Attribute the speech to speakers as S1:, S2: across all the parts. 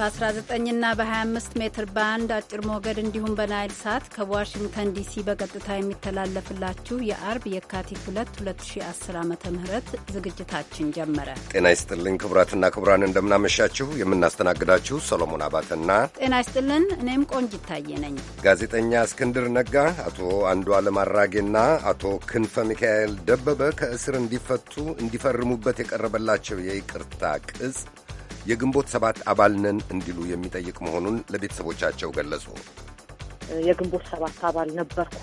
S1: በ19ና በ25 ሜትር ባንድ አጭር ሞገድ እንዲሁም በናይል ሳት ከዋሽንግተን ዲሲ በቀጥታ የሚተላለፍላችሁ የአርብ የካቲት 2 2010 ዓ ም ዝግጅታችን ጀመረ።
S2: ጤና ይስጥልኝ ክቡራትና ክቡራን፣ እንደምናመሻችሁ። የምናስተናግዳችሁ ሰሎሞን አባተና
S1: ጤና ይስጥልን፣ እኔም ቆንጅ ይታየ ነኝ።
S2: ጋዜጠኛ እስክንድር ነጋ፣ አቶ አንዱ አለም አራጌና አቶ ክንፈ ሚካኤል ደበበ ከእስር እንዲፈቱ እንዲፈርሙበት የቀረበላቸው የይቅርታ ቅጽ የግንቦት ሰባት አባል ነን እንዲሉ የሚጠይቅ መሆኑን ለቤተሰቦቻቸው ገለጹ።
S3: የግንቦት ሰባት አባል ነበርኩ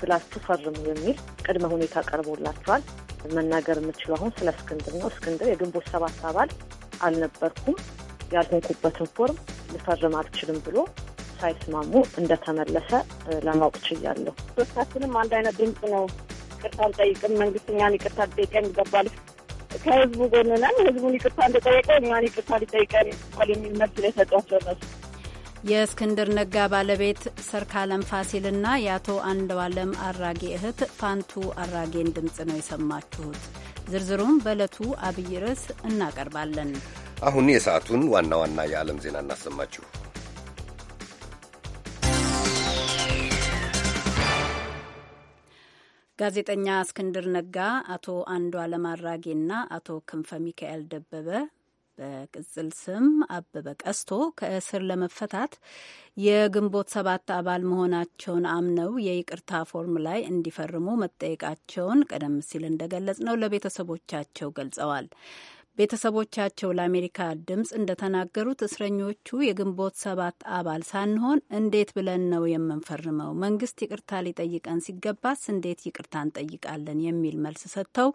S3: ብላችሁ ፈርሙ የሚል ቅድመ ሁኔታ ቀርቦላቸዋል። መናገር የምችለው አሁን ስለ እስክንድር ነው። እስክንድር የግንቦት ሰባት አባል አልነበርኩም፣ ያልሆንኩበትን ፎርም ልፈርም አልችልም ብሎ ሳይስማሙ እንደተመለሰ ለማወቅ ችያለሁ። ሶስታችንም አንድ አይነት ድምፅ ነው። ቅርታ አልጠይቅም፣ መንግስት እኛን ይቅርታ ሊጠይቀን ይገባል ከህዝቡ ጎን ነን። ህዝቡን ይቅርታ እንደጠየቀው እኛን ይቅርታ ሊጠይቀን ይል የሚል መልስ ላይ ሰጧቸው እነሱ
S1: የእስክንድር ነጋ ባለቤት ሰርካለም ፋሲልና የአቶ አንዷለም አራጌ እህት ፋንቱ አራጌን ድምፅ ነው የሰማችሁት። ዝርዝሩም በዕለቱ አብይ ርዕስ እናቀርባለን።
S2: አሁን የሰዓቱን ዋና ዋና የዓለም ዜና እናሰማችሁ።
S1: ጋዜጠኛ እስክንድር ነጋ፣ አቶ አንዷለም አራጌና አቶ ክንፈ ሚካኤል ደበበ በቅጽል ስም አበበ ቀስቶ ከእስር ለመፈታት የግንቦት ሰባት አባል መሆናቸውን አምነው የይቅርታ ፎርም ላይ እንዲፈርሙ መጠየቃቸውን ቀደም ሲል እንደገለጽ ነው ለቤተሰቦቻቸው ገልጸዋል። ቤተሰቦቻቸው ለአሜሪካ ድምፅ እንደተናገሩት እስረኞቹ የግንቦት ሰባት አባል ሳንሆን እንዴት ብለን ነው የምንፈርመው? መንግስት ይቅርታ ሊጠይቀን ሲገባስ እንዴት ይቅርታ እንጠይቃለን? የሚል መልስ ሰጥተው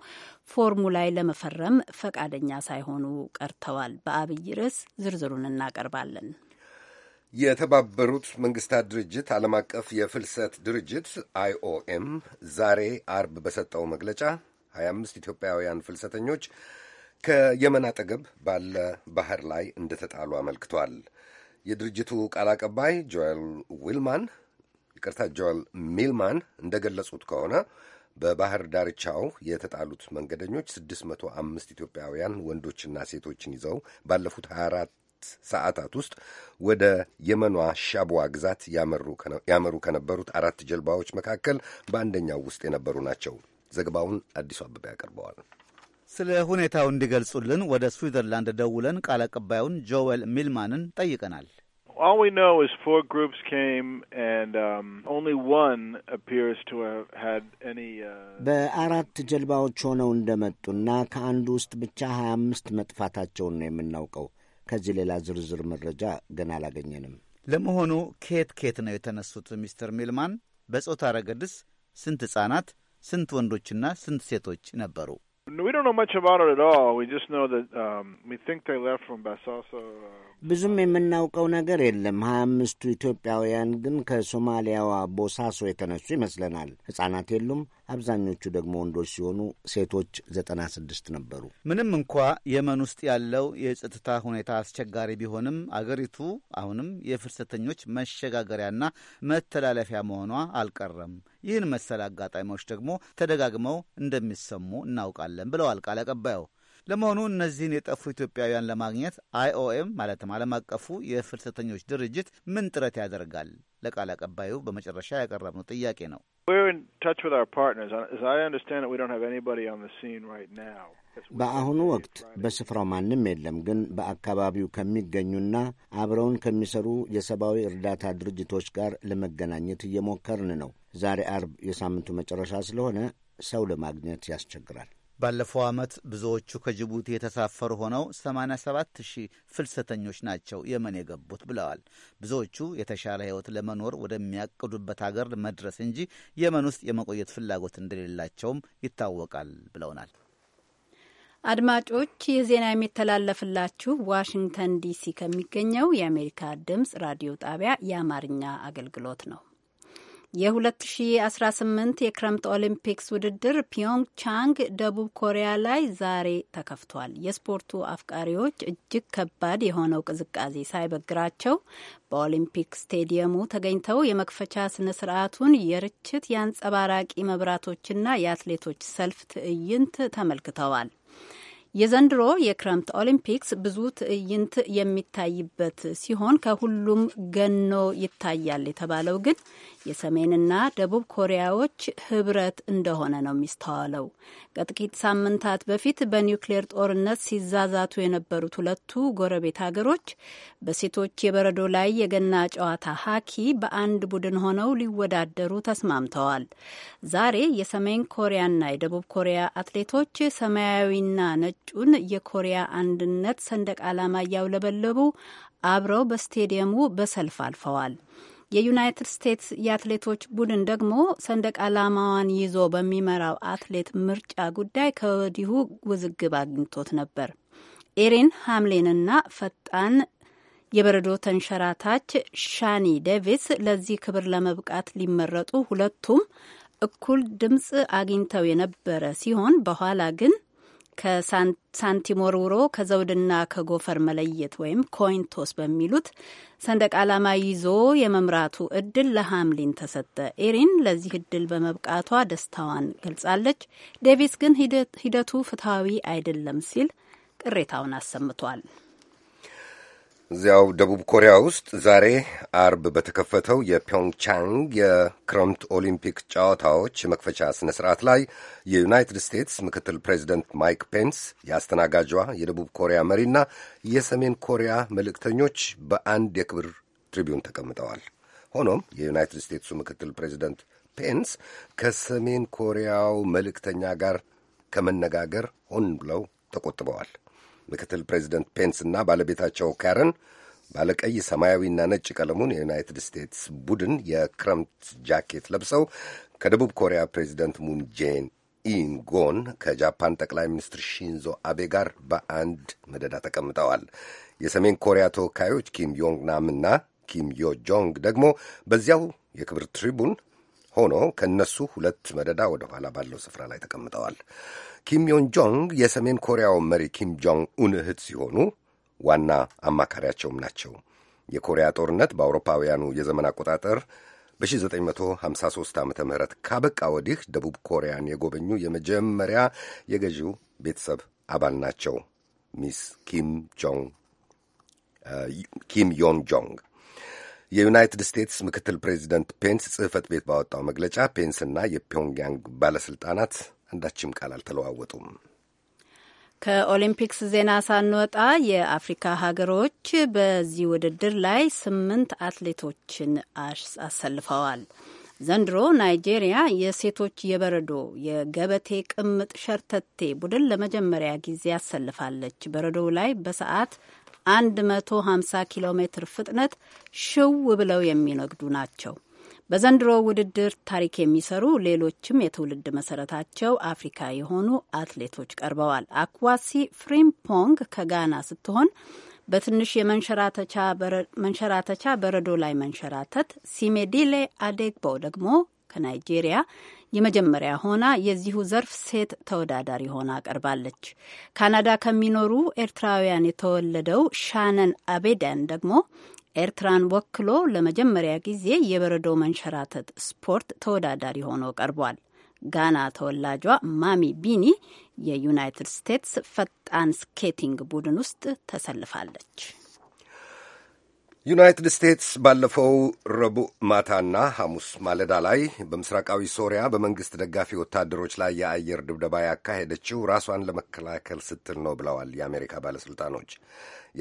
S1: ፎርሙ ላይ ለመፈረም ፈቃደኛ ሳይሆኑ ቀርተዋል። በአብይ ርዕስ ዝርዝሩን እናቀርባለን።
S2: የተባበሩት መንግስታት ድርጅት ዓለም አቀፍ የፍልሰት ድርጅት አይኦኤም ዛሬ አርብ በሰጠው መግለጫ 25 ኢትዮጵያውያን ፍልሰተኞች ከየመን አጠገብ ባለ ባህር ላይ እንደተጣሉ አመልክቷል። የድርጅቱ ቃል አቀባይ ጆኤል ዊልማን ይቅርታ፣ ጆኤል ሚልማን እንደገለጹት ከሆነ በባህር ዳርቻው የተጣሉት መንገደኞች 605 ኢትዮጵያውያን ወንዶችና ሴቶችን ይዘው ባለፉት 24 ሰዓታት ውስጥ ወደ የመኗ ሻቡዋ ግዛት ያመሩ ከነበሩት አራት ጀልባዎች መካከል በአንደኛው ውስጥ የነበሩ ናቸው። ዘገባውን አዲሱ አበባ ያቀርበዋል።
S4: ስለ ሁኔታው እንዲገልጹልን ወደ ስዊዘርላንድ ደውለን ቃል አቀባዩን ጆዌል ሚልማንን ጠይቀናል።
S5: በአራት ጀልባዎች ሆነው እንደመጡና ከአንዱ ውስጥ ብቻ ሀያ አምስት መጥፋታቸውን ነው የምናውቀው። ከዚህ ሌላ ዝርዝር መረጃ
S4: ገና አላገኘንም። ለመሆኑ ኬት ኬት ነው የተነሱት? ሚስተር ሚልማን፣ በጾታ ረገድስ ስንት ሕፃናት፣ ስንት ወንዶችና ስንት ሴቶች ነበሩ?
S6: We don't know
S7: much about it at all. We just know that um, we think they left from Basasa.
S4: ብዙም
S5: የምናውቀው ነገር የለም። ሀያ አምስቱ ኢትዮጵያውያን ግን ከሶማሊያዋ ቦሳሶ የተነሱ ይመስለናል። ሕጻናት የሉም። አብዛኞቹ ደግሞ ወንዶች ሲሆኑ ሴቶች ዘጠና ስድስት ነበሩ።
S4: ምንም እንኳ የመን ውስጥ ያለው የጸጥታ ሁኔታ አስቸጋሪ ቢሆንም አገሪቱ አሁንም የፍልሰተኞች መሸጋገሪያና መተላለፊያ መሆኗ አልቀረም። ይህን መሰል አጋጣሚዎች ደግሞ ተደጋግመው እንደሚሰሙ እናውቃለን ብለዋል ቃል አቀባዩ። ለመሆኑ እነዚህን የጠፉ ኢትዮጵያውያን ለማግኘት አይኦኤም ማለትም ዓለም አቀፉ የፍልሰተኞች ድርጅት ምን ጥረት ያደርጋል? ለቃል አቀባዩ በመጨረሻ ያቀረብነው ጥያቄ ነው።
S7: We're in touch with our partners. Uh, as I understand it, we don't have anybody on the scene right now.
S5: በአሁኑ ወቅት በስፍራው ማንም የለም፣ ግን በአካባቢው ከሚገኙና አብረውን ከሚሰሩ የሰብአዊ እርዳታ ድርጅቶች ጋር ለመገናኘት እየሞከርን ነው። ዛሬ አርብ የሳምንቱ መጨረሻ ስለሆነ ሰው ለማግኘት ያስቸግራል።
S4: ባለፈው ዓመት ብዙዎቹ ከጅቡቲ የተሳፈሩ ሆነው 87 ሺህ ፍልሰተኞች ናቸው የመን የገቡት ብለዋል። ብዙዎቹ የተሻለ ሕይወት ለመኖር ወደሚያቅዱበት አገር መድረስ እንጂ የመን ውስጥ የመቆየት ፍላጎት እንደሌላቸውም ይታወቃል ብለውናል።
S1: አድማጮች ይህ ዜና የሚተላለፍላችሁ ዋሽንግተን ዲሲ ከሚገኘው የአሜሪካ ድምፅ ራዲዮ ጣቢያ የአማርኛ አገልግሎት ነው። የ2018 የክረምት ኦሊምፒክስ ውድድር ፒዮንግቻንግ ደቡብ ኮሪያ ላይ ዛሬ ተከፍቷል። የስፖርቱ አፍቃሪዎች እጅግ ከባድ የሆነው ቅዝቃዜ ሳይበግራቸው በኦሊምፒክ ስቴዲየሙ ተገኝተው የመክፈቻ ስነ ስርዓቱን የርችት የአንጸባራቂ መብራቶችና የአትሌቶች ሰልፍ ትዕይንት ተመልክተዋል። የዘንድሮ የክረምት ኦሊምፒክስ ብዙ ትዕይንት የሚታይበት ሲሆን ከሁሉም ገኖ ይታያል የተባለው ግን የሰሜንና ደቡብ ኮሪያዎች ህብረት እንደሆነ ነው የሚስተዋለው። ከጥቂት ሳምንታት በፊት በኒውክሌር ጦርነት ሲዛዛቱ የነበሩት ሁለቱ ጎረቤት ሀገሮች በሴቶች የበረዶ ላይ የገና ጨዋታ ሀኪ በአንድ ቡድን ሆነው ሊወዳደሩ ተስማምተዋል። ዛሬ የሰሜን ኮሪያና የደቡብ ኮሪያ አትሌቶች ሰማያዊና ነጭ ነጩን የኮሪያ አንድነት ሰንደቅ ዓላማ እያውለበለቡ አብረው በስቴዲየሙ በሰልፍ አልፈዋል። የዩናይትድ ስቴትስ የአትሌቶች ቡድን ደግሞ ሰንደቅ ዓላማዋን ይዞ በሚመራው አትሌት ምርጫ ጉዳይ ከወዲሁ ውዝግብ አግኝቶት ነበር። ኤሪን ሐምሊንና ፈጣን የበረዶ ተንሸራታች ሻኒ ዴቪስ ለዚህ ክብር ለመብቃት ሊመረጡ ሁለቱም እኩል ድምፅ አግኝተው የነበረ ሲሆን በኋላ ግን ከሳንቲም ወርውሮ ከዘውድና ከጎፈር መለየት ወይም ኮይንቶስ በሚሉት ሰንደቅ ዓላማ ይዞ የመምራቱ እድል ለሃምሊን ተሰጠ። ኤሪን ለዚህ እድል በመብቃቷ ደስታዋን ገልጻለች። ዴቪስ ግን ሂደቱ ፍትሐዊ አይደለም ሲል ቅሬታውን አሰምቷል።
S2: እዚያው ደቡብ ኮሪያ ውስጥ ዛሬ አርብ በተከፈተው የፒዮንግቻንግ የክረምት ኦሊምፒክ ጨዋታዎች መክፈቻ ስነ ስርዓት ላይ የዩናይትድ ስቴትስ ምክትል ፕሬዚደንት ማይክ ፔንስ የአስተናጋጇ የደቡብ ኮሪያ መሪና የሰሜን ኮሪያ መልእክተኞች በአንድ የክብር ትሪቢዩን ተቀምጠዋል። ሆኖም የዩናይትድ ስቴትሱ ምክትል ፕሬዚደንት ፔንስ ከሰሜን ኮሪያው መልእክተኛ ጋር ከመነጋገር ሆን ብለው ተቆጥበዋል። ምክትል ፕሬዚደንት ፔንስ እና ባለቤታቸው ካረን ባለቀይ ሰማያዊና ነጭ ቀለሙን የዩናይትድ ስቴትስ ቡድን የክረምት ጃኬት ለብሰው ከደቡብ ኮሪያ ፕሬዚደንት ሙን ጄን ኢንጎን ከጃፓን ጠቅላይ ሚኒስትር ሺንዞ አቤ ጋር በአንድ መደዳ ተቀምጠዋል። የሰሜን ኮሪያ ተወካዮች ኪም ዮንግ ና ኪም ዮ ጆንግ ደግሞ በዚያው የክብር ትሪቡን ሆኖ ከእነሱ ሁለት መደዳ ወደ ኋላ ባለው ስፍራ ላይ ተቀምጠዋል። ኪም ዮን ጆንግ የሰሜን ኮሪያው መሪ ኪም ጆንግ ኡን እህት ሲሆኑ ዋና አማካሪያቸውም ናቸው። የኮሪያ ጦርነት በአውሮፓውያኑ የዘመን አቆጣጠር በ1953 ዓ ም ካበቃ ወዲህ ደቡብ ኮሪያን የጎበኙ የመጀመሪያ የገዢው ቤተሰብ አባል ናቸው። ሚስ ኪም ጆንግ ኪም ዮን ጆንግ የዩናይትድ ስቴትስ ምክትል ፕሬዚደንት ፔንስ ጽህፈት ቤት ባወጣው መግለጫ ፔንስና የፒዮንግያንግ ባለሥልጣናት አንዳችም ቃል አልተለዋወጡም።
S1: ከኦሊምፒክስ ዜና ሳንወጣ የአፍሪካ ሀገሮች በዚህ ውድድር ላይ ስምንት አትሌቶችን አሰልፈዋል። ዘንድሮ ናይጄሪያ የሴቶች የበረዶ የገበቴ ቅምጥ ሸርተቴ ቡድን ለመጀመሪያ ጊዜ አሰልፋለች። በረዶው ላይ በሰዓት 150 ኪሎ ሜትር ፍጥነት ሽው ብለው የሚነግዱ ናቸው። በዘንድሮ ውድድር ታሪክ የሚሰሩ ሌሎችም የትውልድ መሰረታቸው አፍሪካ የሆኑ አትሌቶች ቀርበዋል። አክዋሲ ፍሪምፖንግ ከጋና ስትሆን በትንሽ የመንሸራተቻ በረዶ ላይ መንሸራተት፣ ሲሜዲሌ አዴግቦ ደግሞ ከናይጄሪያ የመጀመሪያ ሆና የዚሁ ዘርፍ ሴት ተወዳዳሪ ሆና ቀርባለች። ካናዳ ከሚኖሩ ኤርትራውያን የተወለደው ሻነን አቤዳን ደግሞ ኤርትራን ወክሎ ለመጀመሪያ ጊዜ የበረዶ መንሸራተት ስፖርት ተወዳዳሪ ሆኖ ቀርቧል። ጋና ተወላጇ ማሚ ቢኒ የዩናይትድ ስቴትስ ፈጣን ስኬቲንግ ቡድን ውስጥ ተሰልፋለች።
S2: ዩናይትድ ስቴትስ ባለፈው ረቡዕ ማታና ሐሙስ ማለዳ ላይ በምስራቃዊ ሶሪያ በመንግሥት ደጋፊ ወታደሮች ላይ የአየር ድብደባ ያካሄደችው ራሷን ለመከላከል ስትል ነው ብለዋል የአሜሪካ ባለሥልጣኖች።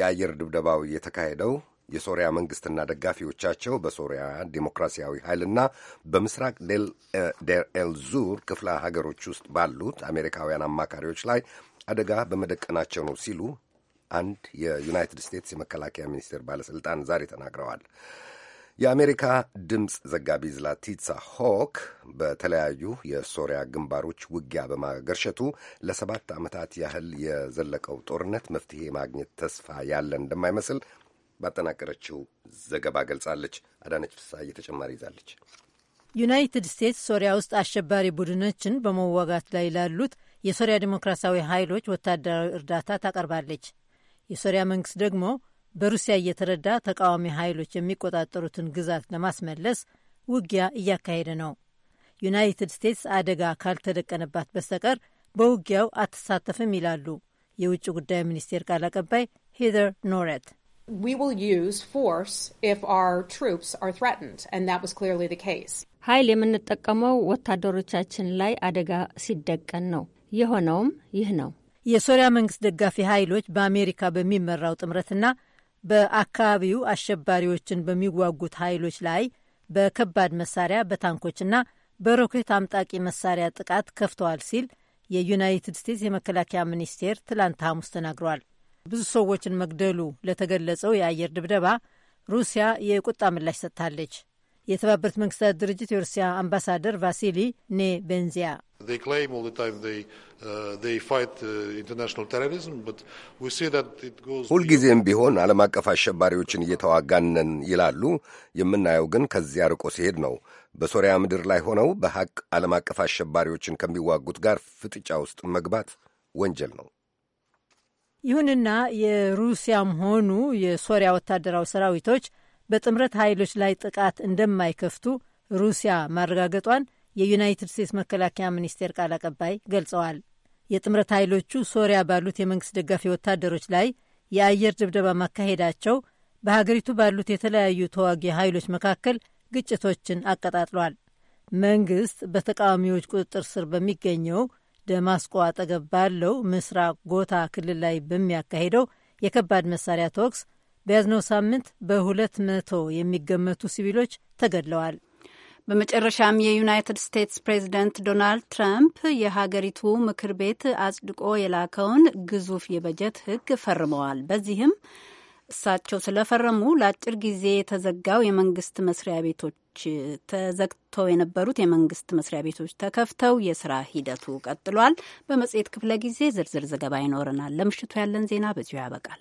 S2: የአየር ድብደባው የተካሄደው የሶሪያ መንግስትና ደጋፊዎቻቸው በሶሪያ ዴሞክራሲያዊ ኃይልና በምስራቅ ዴር ኤል ዙር ክፍለ ሀገሮች ውስጥ ባሉት አሜሪካውያን አማካሪዎች ላይ አደጋ በመደቀናቸው ነው ሲሉ አንድ የዩናይትድ ስቴትስ የመከላከያ ሚኒስቴር ባለሥልጣን ዛሬ ተናግረዋል። የአሜሪካ ድምፅ ዘጋቢ ዝላቲትሳ ሆክ በተለያዩ የሶሪያ ግንባሮች ውጊያ በማገርሸቱ ለሰባት ዓመታት ያህል የዘለቀው ጦርነት መፍትሄ ማግኘት ተስፋ ያለን እንደማይመስል ባጠናቀረችው ዘገባ ገልጻለች። አዳነች ፍስሐዬ ተጨማሪ ይዛለች።
S8: ዩናይትድ ስቴትስ ሶሪያ ውስጥ አሸባሪ ቡድኖችን በመዋጋት ላይ ላሉት የሶሪያ ዲሞክራሲያዊ ኃይሎች ወታደራዊ እርዳታ ታቀርባለች። የሶሪያ መንግስት ደግሞ በሩሲያ እየተረዳ ተቃዋሚ ኃይሎች የሚቆጣጠሩትን ግዛት ለማስመለስ ውጊያ እያካሄደ ነው። ዩናይትድ ስቴትስ አደጋ ካልተደቀነባት በስተቀር በውጊያው አትሳተፍም ይላሉ የውጭ ጉዳይ ሚኒስቴር ቃል አቀባይ ሄደር ኖረት። we will use
S9: force if our troops are threatened, and that was clearly the case.
S3: ኃይል የምንጠቀመው ወታደሮቻችን ላይ አደጋ ሲደቀን ነው። የሆነውም ይህ ነው።
S8: የሶሪያ መንግስት ደጋፊ ኃይሎች በአሜሪካ በሚመራው ጥምረትና በአካባቢው አሸባሪዎችን በሚዋጉት ኃይሎች ላይ በከባድ መሳሪያ በታንኮችና በሮኬት አምጣቂ መሳሪያ ጥቃት ከፍተዋል ሲል የዩናይትድ ስቴትስ የመከላከያ ሚኒስቴር ትላንት ሐሙስ ተናግሯል። ብዙ ሰዎችን መግደሉ ለተገለጸው የአየር ድብደባ ሩሲያ የቁጣ ምላሽ ሰጥታለች። የተባበሩት መንግስታት ድርጅት የሩሲያ አምባሳደር ቫሲሊ ኔ ቤንዚያ
S2: uh, uh, ሁልጊዜም ቢሆን ዓለም አቀፍ አሸባሪዎችን እየተዋጋነን ይላሉ። የምናየው ግን ከዚያ ርቆ ሲሄድ ነው። በሶሪያ ምድር ላይ ሆነው በሐቅ ዓለም አቀፍ አሸባሪዎችን ከሚዋጉት ጋር ፍጥጫ ውስጥ መግባት ወንጀል ነው።
S8: ይሁንና የሩሲያም ሆኑ የሶሪያ ወታደራዊ ሰራዊቶች በጥምረት ኃይሎች ላይ ጥቃት እንደማይከፍቱ ሩሲያ ማረጋገጧን የዩናይትድ ስቴትስ መከላከያ ሚኒስቴር ቃል አቀባይ ገልጸዋል። የጥምረት ኃይሎቹ ሶሪያ ባሉት የመንግስት ደጋፊ ወታደሮች ላይ የአየር ድብደባ ማካሄዳቸው በሀገሪቱ ባሉት የተለያዩ ተዋጊ ኃይሎች መካከል ግጭቶችን አቀጣጥሏል። መንግስት በተቃዋሚዎች ቁጥጥር ስር በሚገኘው ደማስቆ አጠገብ ባለው ምስራቅ ጎታ ክልል ላይ በሚያካሂደው የከባድ መሳሪያ ተኩስ በያዝነው ሳምንት
S1: በሁለት መቶ የሚገመቱ ሲቪሎች ተገድለዋል። በመጨረሻም የዩናይትድ ስቴትስ ፕሬዚደንት ዶናልድ ትራምፕ የሀገሪቱ ምክር ቤት አጽድቆ የላከውን ግዙፍ የበጀት ሕግ ፈርመዋል። በዚህም እሳቸው ስለፈረሙ ለአጭር ጊዜ የተዘጋው የመንግስት መስሪያ ቤቶች ተዘግተው የነበሩት የመንግስት መስሪያ ቤቶች ተከፍተው የስራ ሂደቱ ቀጥሏል። በመጽሔት ክፍለ ጊዜ ዝርዝር ዘገባ ይኖረናል። ለምሽቱ ያለን ዜና በዚሁ ያበቃል።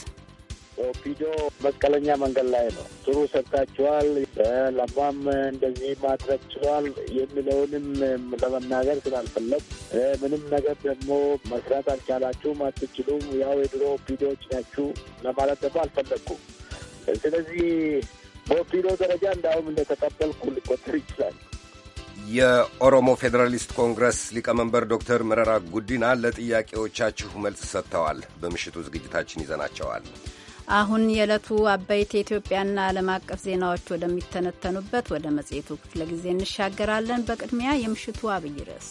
S10: ኦፒዶ መስቀለኛ መንገድ ላይ ነው። ጥሩ ሰርታችኋል፣ ለማም እንደዚህ ማድረግ ችሏል የሚለውንም ለመናገር ስላልፈለግ ምንም ነገር ደግሞ መስራት አልቻላችሁም፣ አትችሉም፣ ያው የድሮ ኦፒዶዎች ናችሁ ለማለት ደግሞ አልፈለግኩም። ስለዚህ በኦፒዶ ደረጃ እንዳሁም እንደተቀበልኩ ሊቆጠር ይችላል።
S2: የኦሮሞ ፌዴራሊስት ኮንግረስ ሊቀመንበር ዶክተር መረራ ጉዲና ለጥያቄዎቻችሁ መልስ ሰጥተዋል። በምሽቱ ዝግጅታችን ይዘናቸዋል።
S1: አሁን የዕለቱ አበይት የኢትዮጵያና ዓለም አቀፍ ዜናዎች ወደሚተነተኑበት ወደ መጽሔቱ ክፍለ ጊዜ እንሻገራለን። በቅድሚያ የምሽቱ አብይ ርዕስ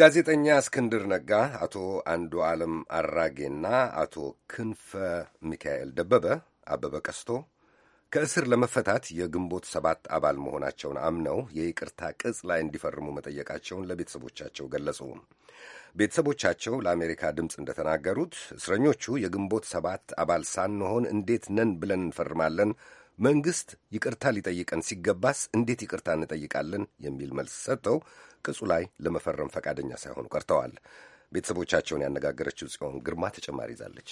S2: ጋዜጠኛ እስክንድር ነጋ፣ አቶ አንዱ ዓለም አራጌና አቶ ክንፈ ሚካኤል ደበበ አበበ ቀስቶ ከእስር ለመፈታት የግንቦት ሰባት አባል መሆናቸውን አምነው የይቅርታ ቅጽ ላይ እንዲፈርሙ መጠየቃቸውን ለቤተሰቦቻቸው ገለጹ። ቤተሰቦቻቸው ለአሜሪካ ድምፅ እንደተናገሩት እስረኞቹ የግንቦት ሰባት አባል ሳንሆን እንዴት ነን ብለን እንፈርማለን? መንግሥት ይቅርታ ሊጠይቀን ሲገባስ እንዴት ይቅርታ እንጠይቃለን? የሚል መልስ ሰጥተው ቅጹ ላይ ለመፈረም ፈቃደኛ ሳይሆኑ ቀርተዋል። ቤተሰቦቻቸውን ያነጋገረችው ጽዮን ግርማ ተጨማሪ ይዛለች።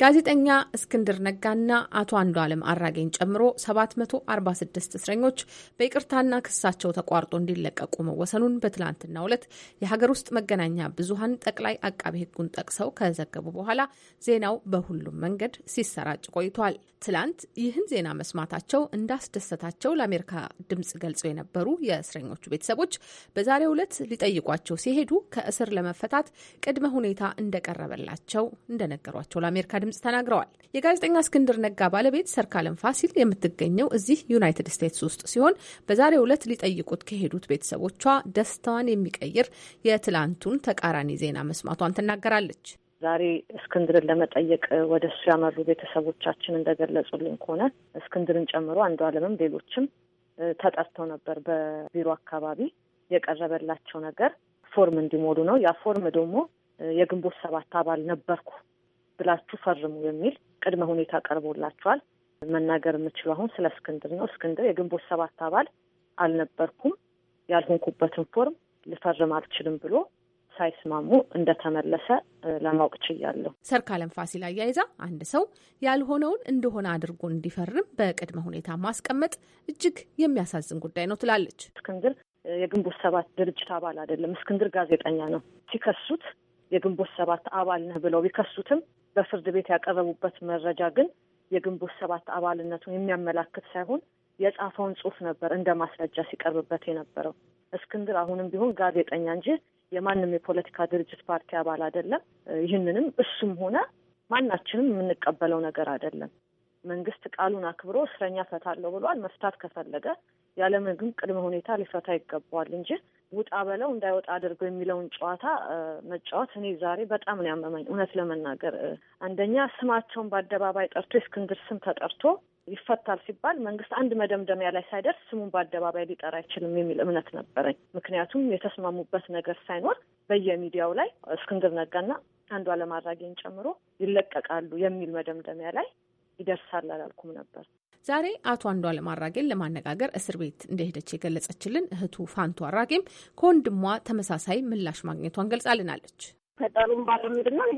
S9: ጋዜጠኛ እስክንድር ነጋና አቶ አንዱዓለም አራጌን ጨምሮ 746 እስረኞች በይቅርታና ክሳቸው ተቋርጦ እንዲለቀቁ መወሰኑን በትላንትናው ዕለት የሀገር ውስጥ መገናኛ ብዙሀን ጠቅላይ አቃቢ ሕጉን ጠቅሰው ከዘገቡ በኋላ ዜናው በሁሉም መንገድ ሲሰራጭ ቆይቷል። ትላንት ይህን ዜና መስማታቸው እንዳስደሰታቸው ለአሜሪካ ድምጽ ገልጸው የነበሩ የእስረኞቹ ቤተሰቦች በዛሬው ዕለት ሊጠይቋቸው ሲሄዱ ከእስር ለመፈታት ቅድመ ሁኔታ እንደቀረበላቸው እንደነገሯቸው ለአሜሪካ ድምጽ ተናግረዋል። የጋዜጠኛ እስክንድር ነጋ ባለቤት ሰርካለም ፋሲል የምትገኘው እዚህ ዩናይትድ ስቴትስ ውስጥ ሲሆን በዛሬው ዕለት ሊጠይቁት ከሄዱት ቤተሰቦቿ ደስታዋን የሚቀይር የትላንቱን ተቃራኒ ዜና መስማቷን ትናገራለች።
S3: ዛሬ እስክንድርን ለመጠየቅ ወደ እሱ ያመሩ ቤተሰቦቻችን እንደገለጹልኝ ከሆነ እስክንድርን ጨምሮ አንዱ አለምም ሌሎችም ተጠርተው ነበር። በቢሮ አካባቢ የቀረበላቸው ነገር ፎርም እንዲሞሉ ነው። ያ ፎርም ደግሞ የግንቦት ሰባት አባል ነበርኩ ብላችሁ ፈርሙ የሚል ቅድመ ሁኔታ ቀርቦላቸዋል። መናገር የምችለው አሁን ስለ እስክንድር ነው። እስክንድር የግንቦት ሰባት አባል አልነበርኩም፣ ያልሆንኩበትን ፎርም ልፈርም አልችልም ብሎ ሳይስማሙ
S9: እንደተመለሰ
S3: ለማወቅ ችያለሁ።
S9: ሰርካለም ፋሲል አያይዛ አንድ ሰው ያልሆነውን እንደሆነ አድርጎ እንዲፈርም በቅድመ ሁኔታ ማስቀመጥ እጅግ የሚያሳዝን ጉዳይ ነው ትላለች። እስክንድር የግንቦት ሰባት ድርጅት አባል አይደለም። እስክንድር ጋዜጠኛ ነው። ሲከሱት
S3: የግንቦት ሰባት አባል ነህ ብለው ቢከሱትም በፍርድ ቤት ያቀረቡበት መረጃ ግን የግንቦት ሰባት አባልነቱን የሚያመላክት ሳይሆን የጻፈውን ጽሁፍ ነበር እንደ ማስረጃ ሲቀርብበት የነበረው። እስክንድር አሁንም ቢሆን ጋዜጠኛ እንጂ የማንም የፖለቲካ ድርጅት ፓርቲ አባል አይደለም። ይህንንም እሱም ሆነ ማናችንም የምንቀበለው ነገር አይደለም። መንግስት ቃሉን አክብሮ እስረኛ ፈታለሁ ብሏል። መፍታት ከፈለገ ያለምንም ቅድመ ሁኔታ ሊፈታ ይገባዋል እንጂ ውጣ በለው እንዳይወጣ አድርገው የሚለውን ጨዋታ መጫወት እኔ ዛሬ በጣም ነው ያመመኝ። እውነት ለመናገር አንደኛ ስማቸውን በአደባባይ ጠርቶ የእስክንድር ስም ተጠርቶ ይፈታል ሲባል መንግስት አንድ መደምደሚያ ላይ ሳይደርስ ስሙን በአደባባይ ሊጠራ አይችልም የሚል እምነት ነበረኝ። ምክንያቱም የተስማሙበት ነገር ሳይኖር በየሚዲያው ላይ እስክንድር ነጋና አንዷለም አራጌን ጨምሮ ይለቀቃሉ የሚል መደምደሚያ ላይ ይደርሳል አላልኩም ነበር።
S9: ዛሬ አቶ አንዷለም አራጌን ለማነጋገር እስር ቤት እንደሄደች የገለጸችልን እህቱ ፋንቱ አራጌም ከወንድሟ ተመሳሳይ ምላሽ ማግኘቷን ገልጻልናለች።
S3: ከጠሩም ባለ ምንድነው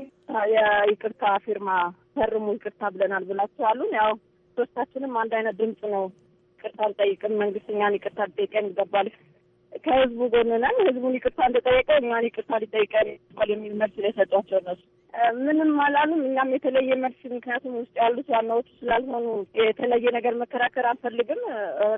S3: የይቅርታ ፊርማ ፈርሙ ይቅርታ ብለናል ብላችኋሉን። ያው ሶስታችንም አንድ አይነት ድምፅ ነው። ይቅርታ አልጠይቅም፣ መንግስት እኛን ይቅርታ ሊጠይቀን ይገባል። ከህዝቡ ጎንነን ህዝቡን ይቅርታ እንደጠየቀው እኛን ይቅርታ ሊጠይቀን ይገባል የሚል መልስ የሰጧቸው እነሱ ምንም አላሉም። እኛም የተለየ መልስ ምክንያቱም ውስጥ ያሉት ዋናዎቹ ስላልሆኑ የተለየ ነገር መከራከር አንፈልግም።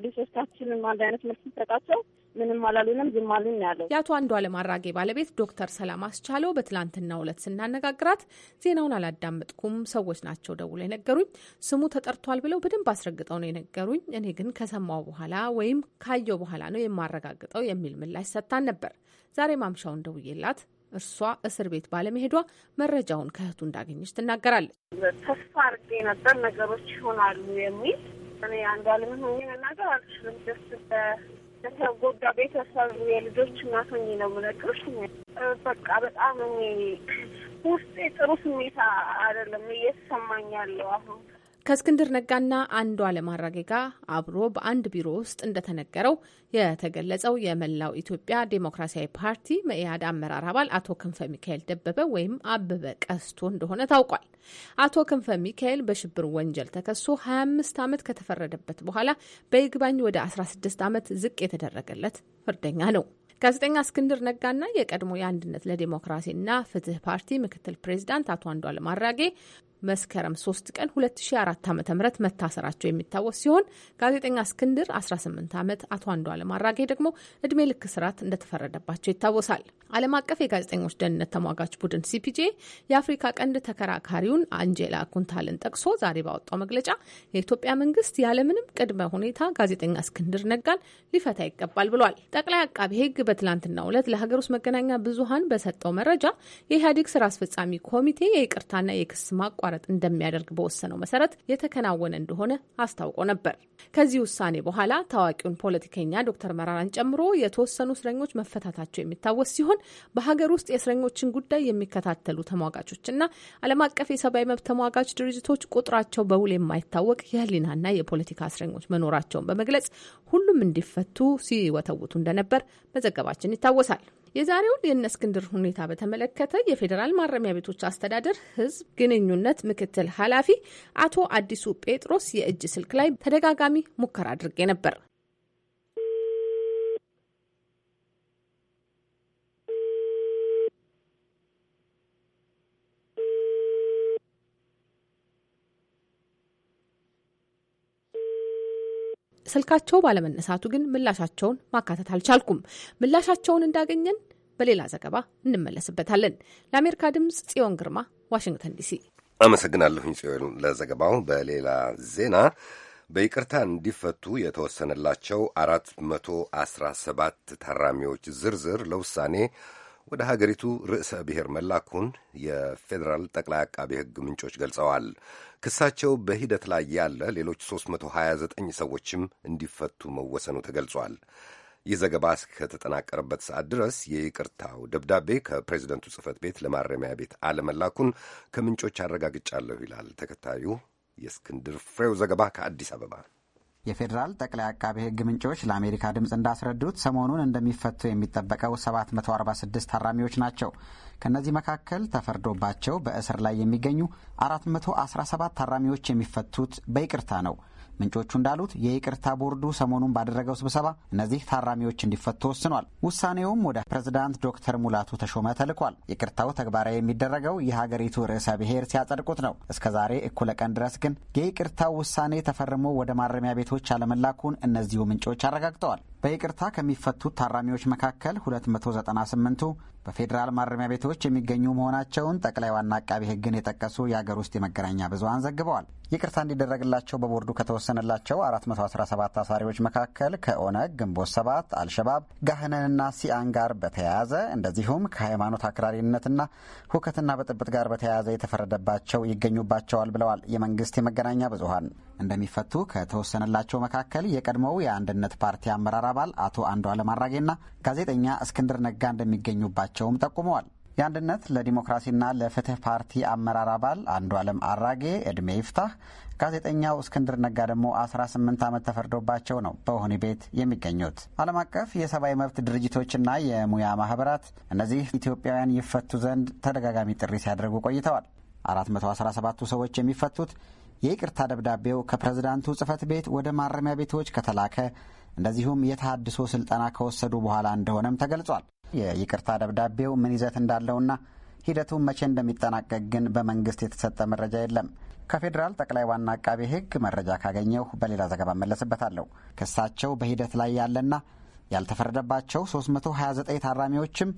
S3: ሪሶርታችንም አንድ አይነት መልስ ይሰጣቸው
S9: ምንም አላሉንም፣ ዝም አሉን ያለው የአቶ አንዱ አለም አራጌ ባለቤት ዶክተር ሰላም አስቻለው በትላንትና ዕለት ስናነጋግራት ዜናውን አላዳመጥኩም፣ ሰዎች ናቸው ደውሎ የነገሩኝ፣ ስሙ ተጠርቷል ብለው በደንብ አስረግጠው ነው የነገሩኝ። እኔ ግን ከሰማው በኋላ ወይም ካየው በኋላ ነው የማረጋግጠው የሚል ምላሽ ሰጥታን ነበር። ዛሬ ማምሻውን ደውዬላት እርሷ እስር ቤት ባለመሄዷ መረጃውን ከእህቱ እንዳገኘች ትናገራለች።
S3: ተስፋ አድርጌ ነበር ነገሮች ይሆናሉ የሚል እኔ አንድ አለምን መናገር አልችልም። ደስ በተጎዳ ቤተሰብ የልጆች እናቶኝ ነው ምነግሮች በቃ በጣም ውስጤ ጥሩ ስሜት አይደለም እየተሰማኝ ያለው አሁን
S9: ከእስክንድር ነጋና አንዱዓለም አራጌ ጋር አብሮ በአንድ ቢሮ ውስጥ እንደተነገረው የተገለጸው የመላው ኢትዮጵያ ዴሞክራሲያዊ ፓርቲ መኢአድ አመራር አባል አቶ ክንፈ ሚካኤል ደበበ ወይም አበበ ቀስቶ እንደሆነ ታውቋል። አቶ ክንፈ ሚካኤል በሽብር ወንጀል ተከሶ 25 ዓመት ከተፈረደበት በኋላ በይግባኝ ወደ 16 ዓመት ዝቅ የተደረገለት ፍርደኛ ነው። ጋዜጠኛ እስክንድር ነጋና የቀድሞ የአንድነት ለዴሞክራሲና ፍትህ ፓርቲ ምክትል ፕሬዚዳንት አቶ አንዷ አራጌ መስከረም 3 ቀን 2004 ዓ ም መታሰራቸው የሚታወስ ሲሆን ጋዜጠኛ እስክንድር 18 ዓመት፣ አቶ አለም አራጌ ደግሞ እድሜ ልክ ስርዓት እንደተፈረደባቸው ይታወሳል። ዓለም አቀፍ የጋዜጠኞች ደህንነት ተሟጋች ቡድን ሲፒጄ የአፍሪካ ቀንድ ተከራካሪውን አንጄላ ኩንታልን ጠቅሶ ዛሬ ባወጣው መግለጫ የኢትዮጵያ መንግስት ያለምንም ቅድመ ሁኔታ ጋዜጠኛ እስክንድር ነጋን ሊፈታ ይገባል ብሏል። ጠቅላይ አቃቢ ሕግ በትላንትናው ዕለት ለሀገር ውስጥ መገናኛ ብዙሀን በሰጠው መረጃ የኢህአዴግ ስራ አስፈጻሚ ኮሚቴ የይቅርታና የክስ ማቋ ማቋረጥ እንደሚያደርግ በወሰነው መሰረት የተከናወነ እንደሆነ አስታውቆ ነበር። ከዚህ ውሳኔ በኋላ ታዋቂውን ፖለቲከኛ ዶክተር መራራን ጨምሮ የተወሰኑ እስረኞች መፈታታቸው የሚታወስ ሲሆን በሀገር ውስጥ የእስረኞችን ጉዳይ የሚከታተሉ ተሟጋቾችና ዓለም አቀፍ የሰብአዊ መብት ተሟጋች ድርጅቶች ቁጥራቸው በውል የማይታወቅ የህሊናና የፖለቲካ እስረኞች መኖራቸውን በመግለጽ ሁሉም እንዲፈቱ ሲወተውቱ እንደነበር መዘገባችን ይታወሳል። የዛሬውን የእነ እስክንድር ሁኔታ በተመለከተ የፌዴራል ማረሚያ ቤቶች አስተዳደር ህዝብ ግንኙነት ምክትል ኃላፊ አቶ አዲሱ ጴጥሮስ የእጅ ስልክ ላይ ተደጋጋሚ ሙከራ አድርጌ ነበር። ስልካቸው ባለመነሳቱ ግን ምላሻቸውን ማካተት አልቻልኩም። ምላሻቸውን እንዳገኘን በሌላ ዘገባ እንመለስበታለን። ለአሜሪካ ድምፅ ጽዮን ግርማ ዋሽንግተን ዲሲ።
S2: አመሰግናለሁኝ ጽዮን ለዘገባው። በሌላ ዜና በይቅርታ እንዲፈቱ የተወሰነላቸው አራት መቶ አስራ ሰባት ታራሚዎች ዝርዝር ለውሳኔ ወደ ሀገሪቱ ርዕሰ ብሔር መላኩን የፌዴራል ጠቅላይ አቃቢ ሕግ ምንጮች ገልጸዋል። ክሳቸው በሂደት ላይ ያለ ሌሎች 329 ሰዎችም እንዲፈቱ መወሰኑ ተገልጿል። ይህ ዘገባ እስከተጠናቀረበት ሰዓት ድረስ የይቅርታው ደብዳቤ ከፕሬዚደንቱ ጽህፈት ቤት ለማረሚያ ቤት አለመላኩን ከምንጮች አረጋግጫለሁ ይላል ተከታዩ የእስክንድር ፍሬው ዘገባ ከአዲስ አበባ።
S11: የፌዴራል ጠቅላይ አቃቤ ሕግ ምንጮች ለአሜሪካ ድምፅ እንዳስረዱት ሰሞኑን እንደሚፈቱ የሚጠበቀው 746 ታራሚዎች ናቸው። ከእነዚህ መካከል ተፈርዶባቸው በእስር ላይ የሚገኙ 417 ታራሚዎች የሚፈቱት በይቅርታ ነው። ምንጮቹ እንዳሉት የይቅርታ ቦርዱ ሰሞኑን ባደረገው ስብሰባ እነዚህ ታራሚዎች እንዲፈቱ ወስኗል። ውሳኔውም ወደ ፕሬዝዳንት ዶክተር ሙላቱ ተሾመ ተልኳል። ይቅርታው ተግባራዊ የሚደረገው የሀገሪቱ ርዕሰ ብሔር ሲያጸድቁት ነው። እስከ ዛሬ እኩለ ቀን ድረስ ግን የይቅርታው ውሳኔ ተፈርሞ ወደ ማረሚያ ቤቶች አለመላኩን እነዚሁ ምንጮች አረጋግጠዋል። በይቅርታ ከሚፈቱት ታራሚዎች መካከል 298ቱ በፌዴራል ማረሚያ ቤቶች የሚገኙ መሆናቸውን ጠቅላይ ዋና አቃቢ ሕግን የጠቀሱ የአገር ውስጥ የመገናኛ ብዙኃን ዘግበዋል። ይቅርታ እንዲደረግላቸው በቦርዱ ከተወሰነላቸው 417 አሳሪዎች መካከል ከኦነግ ግንቦት ሰባት፣ አልሸባብ፣ ጋህነንና ሲአን ጋር በተያያዘ እንደዚሁም ከሃይማኖት አክራሪነትና ሁከትና ብጥብጥ ጋር በተያያዘ የተፈረደባቸው ይገኙባቸዋል ብለዋል የመንግስት የመገናኛ ብዙኃን እንደሚፈቱ ከተወሰነላቸው መካከል የቀድሞው የአንድነት ፓርቲ አመራር አባል አቶ አንዱዓለም አራጌና ጋዜጠኛ እስክንድር ነጋ እንደሚገኙባቸውም ጠቁመዋል። የአንድነት ለዲሞክራሲና ለፍትህ ፓርቲ አመራር አባል አንዱዓለም አራጌ እድሜ ይፍታህ፣ ጋዜጠኛው እስክንድር ነጋ ደግሞ 18 ዓመት ተፈርዶባቸው ነው በወህኒ ቤት የሚገኙት። ዓለም አቀፍ የሰብአዊ መብት ድርጅቶችና የሙያ ማህበራት እነዚህ ኢትዮጵያውያን ይፈቱ ዘንድ ተደጋጋሚ ጥሪ ሲያደርጉ ቆይተዋል። 417ቱ ሰዎች የሚፈቱት የይቅርታ ደብዳቤው ከፕሬዝዳንቱ ጽህፈት ቤት ወደ ማረሚያ ቤቶች ከተላከ እንደዚሁም የተሃድሶ ስልጠና ከወሰዱ በኋላ እንደሆነም ተገልጿል። የይቅርታ ደብዳቤው ምን ይዘት እንዳለውና ሂደቱ መቼ እንደሚጠናቀቅ ግን በመንግስት የተሰጠ መረጃ የለም። ከፌዴራል ጠቅላይ ዋና አቃቤ ሕግ መረጃ ካገኘሁ በሌላ ዘገባ መለስበታለሁ። ክሳቸው በሂደት ላይ ያለና ያልተፈረደባቸው 329 ታራሚዎችም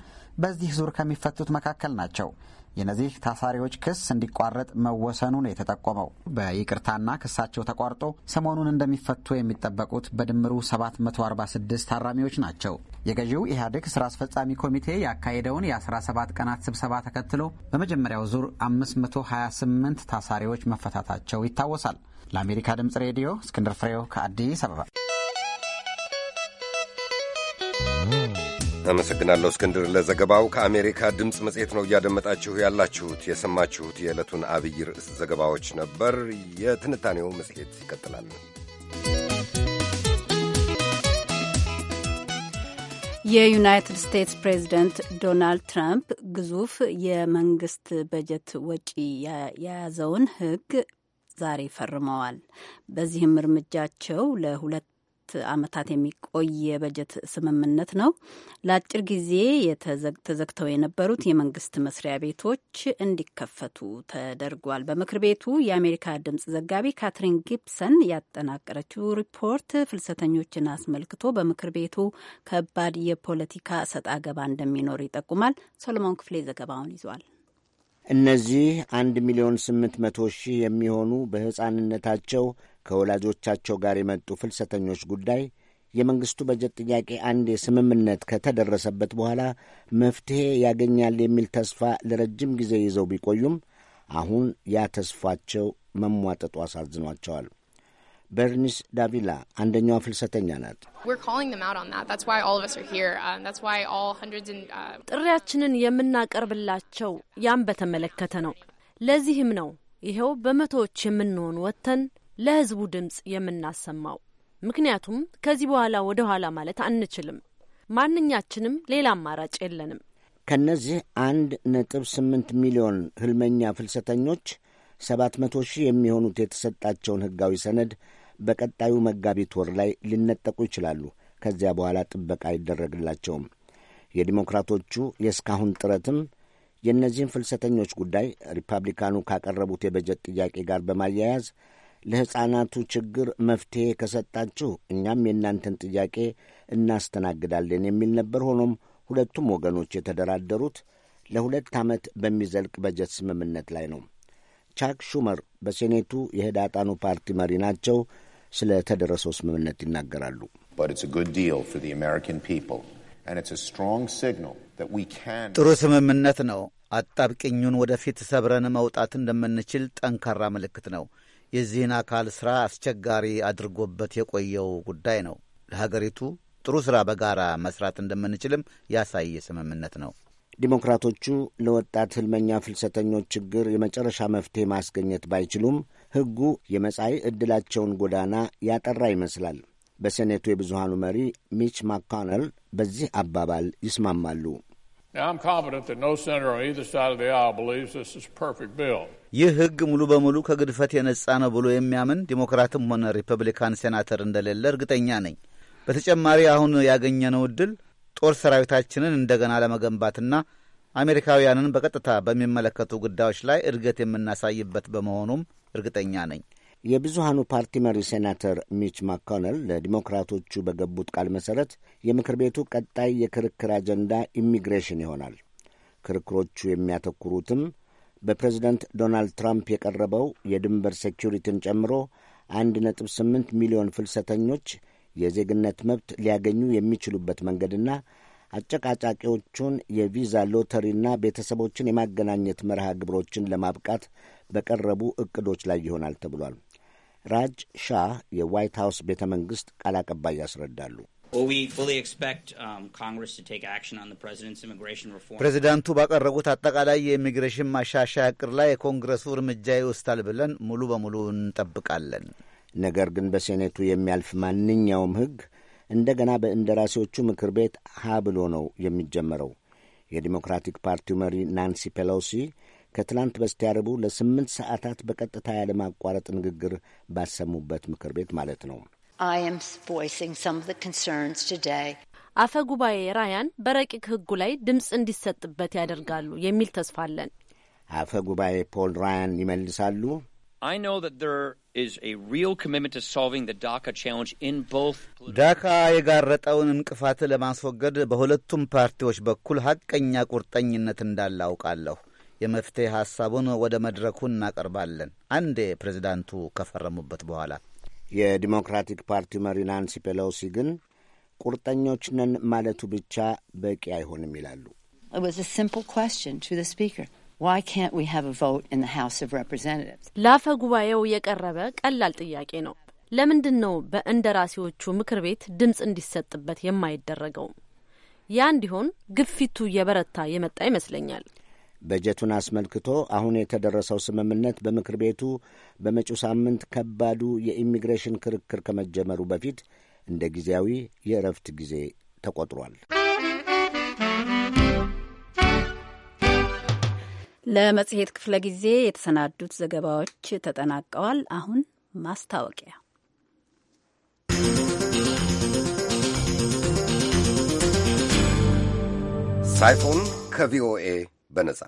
S11: በዚህ ዙር ከሚፈቱት መካከል ናቸው። የእነዚህ ታሳሪዎች ክስ እንዲቋረጥ መወሰኑ ነው የተጠቆመው። በይቅርታና ክሳቸው ተቋርጦ ሰሞኑን እንደሚፈቱ የሚጠበቁት በድምሩ 746 ታራሚዎች ናቸው። የገዢው ኢህአዴግ ስራ አስፈጻሚ ኮሚቴ ያካሄደውን የ17 ቀናት ስብሰባ ተከትሎ በመጀመሪያው ዙር 528 ታሳሪዎች መፈታታቸው ይታወሳል። ለአሜሪካ ድምፅ ሬዲዮ እስክንድር ፍሬው ከአዲስ አበባ
S2: አመሰግናለሁ እስክንድር ለዘገባው። ከአሜሪካ ድምፅ መጽሔት ነው እያደመጣችሁ ያላችሁት። የሰማችሁት የዕለቱን አብይ ርዕስ ዘገባዎች ነበር። የትንታኔው መጽሔት ይቀጥላል።
S1: የዩናይትድ ስቴትስ ፕሬዚደንት ዶናልድ ትራምፕ ግዙፍ የመንግስት በጀት ወጪ የያዘውን ሕግ ዛሬ ፈርመዋል። በዚህም እርምጃቸው ለሁለት ለሁለት ዓመታት የሚቆይ የበጀት ስምምነት ነው። ለአጭር ጊዜ ተዘግተው የነበሩት የመንግስት መስሪያ ቤቶች እንዲከፈቱ ተደርጓል። በምክር ቤቱ የአሜሪካ ድምጽ ዘጋቢ ካትሪን ጊብሰን ያጠናቀረችው ሪፖርት ፍልሰተኞችን አስመልክቶ በምክር ቤቱ ከባድ የፖለቲካ ሰጥ አገባ እንደሚኖር ይጠቁማል። ሰሎሞን ክፍሌ ዘገባውን ይዟል።
S5: እነዚህ አንድ ሚሊዮን ስምንት መቶ ሺህ የሚሆኑ በሕፃንነታቸው ከወላጆቻቸው ጋር የመጡ ፍልሰተኞች ጉዳይ የመንግሥቱ በጀት ጥያቄ አንዴ ስምምነት ከተደረሰበት በኋላ መፍትሔ ያገኛል የሚል ተስፋ ለረጅም ጊዜ ይዘው ቢቆዩም አሁን ያ ተስፋቸው መሟጠጡ አሳዝኗቸዋል። በርኒስ ዳቪላ አንደኛዋ ፍልሰተኛ ናት። um, uh,
S3: ጥሪያችንን የምናቀርብላቸው ያም በተመለከተ ነው። ለዚህም ነው ይኸው በመቶዎች የምንሆን ወጥተን ለህዝቡ ድምፅ የምናሰማው። ምክንያቱም ከዚህ በኋላ ወደ ኋላ ማለት አንችልም። ማንኛችንም ሌላ አማራጭ የለንም።
S5: ከእነዚህ አንድ ነጥብ ስምንት ሚሊዮን ህልመኛ ፍልሰተኞች ሰባት መቶ ሺህ የሚሆኑት የተሰጣቸውን ህጋዊ ሰነድ በቀጣዩ መጋቢት ወር ላይ ሊነጠቁ ይችላሉ። ከዚያ በኋላ ጥበቃ አይደረግላቸውም። የዲሞክራቶቹ የእስካሁን ጥረትም የእነዚህን ፍልሰተኞች ጉዳይ ሪፐብሊካኑ ካቀረቡት የበጀት ጥያቄ ጋር በማያያዝ ለሕፃናቱ ችግር መፍትሔ ከሰጣችሁ እኛም የእናንተን ጥያቄ እናስተናግዳለን የሚል ነበር። ሆኖም ሁለቱም ወገኖች የተደራደሩት ለሁለት ዓመት በሚዘልቅ በጀት ስምምነት ላይ ነው። ቻክ ሹመር በሴኔቱ የህዳጣኑ ፓርቲ መሪ ናቸው። ስለ ተደረሰው ስምምነት ይናገራሉ።
S4: ጥሩ ስምምነት ነው። አጣብቅኙን ወደፊት ሰብረን መውጣት እንደምንችል ጠንካራ ምልክት ነው። የዚህን አካል ሥራ አስቸጋሪ አድርጎበት የቆየው ጉዳይ ነው። ለሀገሪቱ ጥሩ ሥራ በጋራ መስራት እንደምንችልም ያሳየ ስምምነት ነው።
S5: ዲሞክራቶቹ ለወጣት ህልመኛ ፍልሰተኞች ችግር የመጨረሻ መፍትሄ ማስገኘት ባይችሉም ሕጉ የመጻኢ ዕድላቸውን ጎዳና ያጠራ ይመስላል። በሴኔቱ የብዙሃኑ መሪ ሚች ማኮነል
S4: በዚህ አባባል ይስማማሉ።
S12: Now, I'm confident that no senator on either side of the aisle believes this is a perfect bill.
S4: ይህ ሕግ ሙሉ በሙሉ ከግድፈት የነጻ ነው ብሎ የሚያምን ዲሞክራትም ሆነ ሪፐብሊካን ሴናተር እንደሌለ እርግጠኛ ነኝ። በተጨማሪ አሁን ያገኘነው ዕድል ጦር ሰራዊታችንን እንደገና ለመገንባትና አሜሪካውያንን በቀጥታ በሚመለከቱ ጉዳዮች ላይ እድገት የምናሳይበት በመሆኑም እርግጠኛ ነኝ። የብዙሃኑ
S5: ፓርቲ መሪ ሴናተር ሚች ማኮነል ለዲሞክራቶቹ በገቡት ቃል መሠረት የምክር ቤቱ ቀጣይ የክርክር አጀንዳ ኢሚግሬሽን ይሆናል። ክርክሮቹ የሚያተኩሩትም በፕሬዝደንት ዶናልድ ትራምፕ የቀረበው የድንበር ሴኪሪቲን ጨምሮ 1.8 ሚሊዮን ፍልሰተኞች የዜግነት መብት ሊያገኙ የሚችሉበት መንገድና አጨቃጫቂዎቹን የቪዛ ሎተሪና ቤተሰቦችን የማገናኘት መርሃ ግብሮችን ለማብቃት በቀረቡ እቅዶች ላይ ይሆናል ተብሏል። ራጅ ሻህ የዋይት ሀውስ ቤተ መንግሥት ቃል አቀባይ ያስረዳሉ።
S6: Um, ፕሬዚዳንቱ
S4: ባቀረቡት አጠቃላይ የኢሚግሬሽን ማሻሻያ እቅድ ላይ የኮንግረሱ እርምጃ ይወስዳል ብለን ሙሉ በሙሉ እንጠብቃለን።
S5: ነገር ግን በሴኔቱ የሚያልፍ ማንኛውም ሕግ እንደገና በእንደራሴዎቹ ምክር ቤት ሀ ብሎ ነው የሚጀመረው። የዲሞክራቲክ ፓርቲው መሪ ናንሲ ፔሎሲ ከትላንት በስቲያ ረቡዕ ለስምንት ሰዓታት በቀጥታ ያለማቋረጥ ንግግር ባሰሙበት ምክር ቤት ማለት ነው።
S3: አፈ ጉባኤ ራያን በረቂቅ ህጉ ላይ ድምፅ እንዲሰጥበት ያደርጋሉ የሚል ተስፋ አለን።
S5: አፈ ጉባኤ ፖል ራያን ይመልሳሉ።
S4: ዳካ የጋረጠውን እንቅፋት ለማስወገድ በሁለቱም ፓርቲዎች በኩል ሐቀኛ ቁርጠኝነት እንዳለ አውቃለሁ። የመፍትሄ ሐሳቡን ወደ መድረኩ እናቀርባለን አንዴ ፕሬዚዳንቱ ከፈረሙበት በኋላ
S5: የዲሞክራቲክ ፓርቲ መሪ ናንሲ ፔሎሲ ግን ቁርጠኞች ነን ማለቱ ብቻ በቂ አይሆንም ይላሉ።
S3: ለአፈ ጉባኤው የቀረበ ቀላል ጥያቄ ነው። ለምንድን ነው በእንደራሴዎቹ ምክር ቤት ድምፅ እንዲሰጥበት የማይደረገው? ያ እንዲሆን ግፊቱ የበረታ የመጣ ይመስለኛል።
S5: በጀቱን አስመልክቶ አሁን የተደረሰው ስምምነት በምክር ቤቱ በመጪው ሳምንት ከባዱ የኢሚግሬሽን ክርክር ከመጀመሩ በፊት እንደ ጊዜያዊ የእረፍት ጊዜ ተቆጥሯል።
S1: ለመጽሔት ክፍለ ጊዜ የተሰናዱት ዘገባዎች ተጠናቀዋል። አሁን ማስታወቂያ
S2: ሳይፎን ከቪኦኤ በነጻ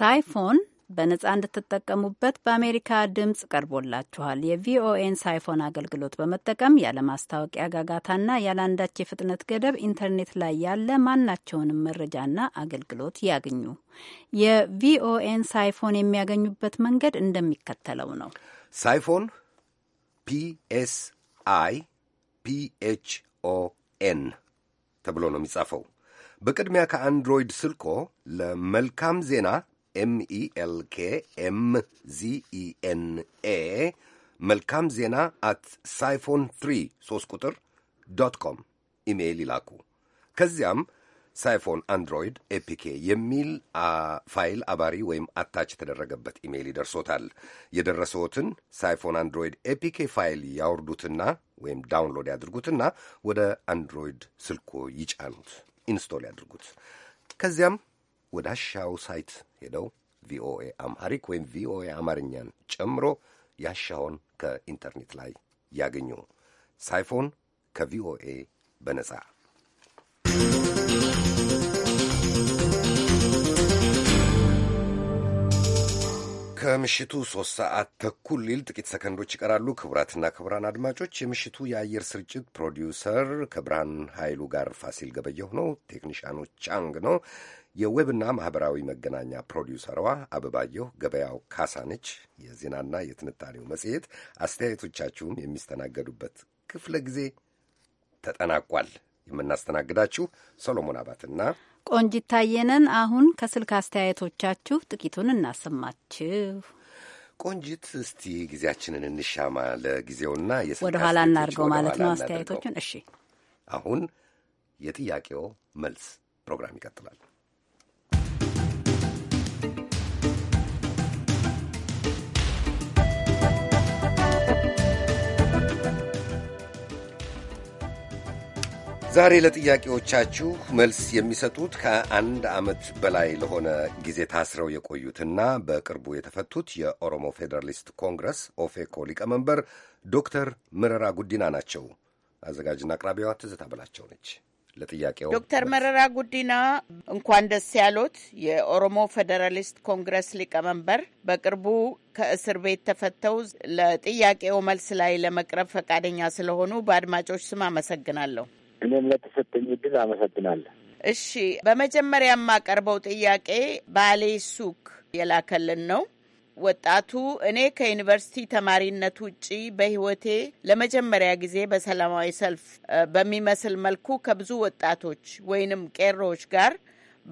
S1: ሳይፎን በነጻ እንድትጠቀሙበት በአሜሪካ ድምፅ ቀርቦላችኋል። የቪኦኤን ሳይፎን አገልግሎት በመጠቀም ያለማስታወቂያ ጋጋታና ያለአንዳች የፍጥነት ገደብ ኢንተርኔት ላይ ያለ ማናቸውንም መረጃና አገልግሎት ያግኙ። የቪኦኤን ሳይፎን የሚያገኙበት መንገድ እንደሚከተለው ነው።
S2: ሳይፎን ፒኤስ አይ ኤን ተብሎ ነው የሚጻፈው። በቅድሚያ ከአንድሮይድ ስልኮ ለመልካም ዜና ኤምኢኤልኬ ኤምዚኢኤንኤ e e መልካም ዜና አት ሳይፎን 3 3 ቁጥር ዶት ኮም ኢሜይል ይላኩ። ከዚያም ሳይፎን አንድሮይድ ኤፒኬ የሚል ፋይል አባሪ ወይም አታች የተደረገበት ኢሜይል ይደርሶታል። የደረሰዎትን ሳይፎን አንድሮይድ ኤፒኬ ፋይል ያወርዱትና ወይም ዳውንሎድ ያድርጉትና ወደ አንድሮይድ ስልኮ ይጫኑት። ኢንስቶል ያድርጉት። ከዚያም ወደ አሻው ሳይት ሄደው ቪኦኤ አምሃሪክ ወይም ቪኦኤ አማርኛን ጨምሮ ያሻውን ከኢንተርኔት ላይ ያገኙ። ሳይፎን ከቪኦኤ በነጻ ከምሽቱ ሶስት ሰዓት ተኩል ሊል ጥቂት ሰከንዶች ይቀራሉ። ክቡራትና ክቡራን አድማጮች የምሽቱ የአየር ስርጭት ፕሮዲውሰር ከብርሃን ኃይሉ ጋር ፋሲል ገበየሁ ነው። ቴክኒሻኑ ቻንግ ነው። የዌብና ማህበራዊ መገናኛ ፕሮዲውሰሯ አበባየሁ ገበያው ካሳነች። የዜናና የትንታኔው መጽሔት አስተያየቶቻችሁም የሚስተናገዱበት ክፍለ ጊዜ ተጠናቋል። የምናስተናግዳችሁ ሰሎሞን አባትና
S1: ቆንጂት ታየነን። አሁን ከስልክ አስተያየቶቻችሁ ጥቂቱን እናሰማችሁ። ቆንጂት፣ እስቲ ጊዜያችንን
S2: እንሻማ ለጊዜውና ወደ ኋላ እናድርገው ማለት ነው አስተያየቶችን። እሺ፣ አሁን የጥያቄው መልስ ፕሮግራም ይቀጥላል። ዛሬ ለጥያቄዎቻችሁ መልስ የሚሰጡት ከአንድ ዓመት በላይ ለሆነ ጊዜ ታስረው የቆዩትና በቅርቡ የተፈቱት የኦሮሞ ፌዴራሊስት ኮንግረስ ኦፌኮ ሊቀመንበር ዶክተር መረራ ጉዲና ናቸው። አዘጋጅና አቅራቢዋ ትዝታ በላቸው ነች። ለጥያቄው ዶክተር
S6: መረራ ጉዲና እንኳን ደስ ያሉት የኦሮሞ ፌዴራሊስት ኮንግረስ ሊቀመንበር በቅርቡ ከእስር ቤት ተፈተው ለጥያቄው መልስ ላይ ለመቅረብ ፈቃደኛ ስለሆኑ በአድማጮች ስም አመሰግናለሁ።
S10: እኔም ለተሰጠኝ እድል አመሰግናለሁ።
S6: እሺ፣ በመጀመሪያ የማቀርበው ጥያቄ ባሌ ሱክ የላከልን ነው። ወጣቱ እኔ ከዩኒቨርሲቲ ተማሪነት ውጪ በሕይወቴ ለመጀመሪያ ጊዜ በሰላማዊ ሰልፍ በሚመስል መልኩ ከብዙ ወጣቶች ወይንም ቄሮዎች ጋር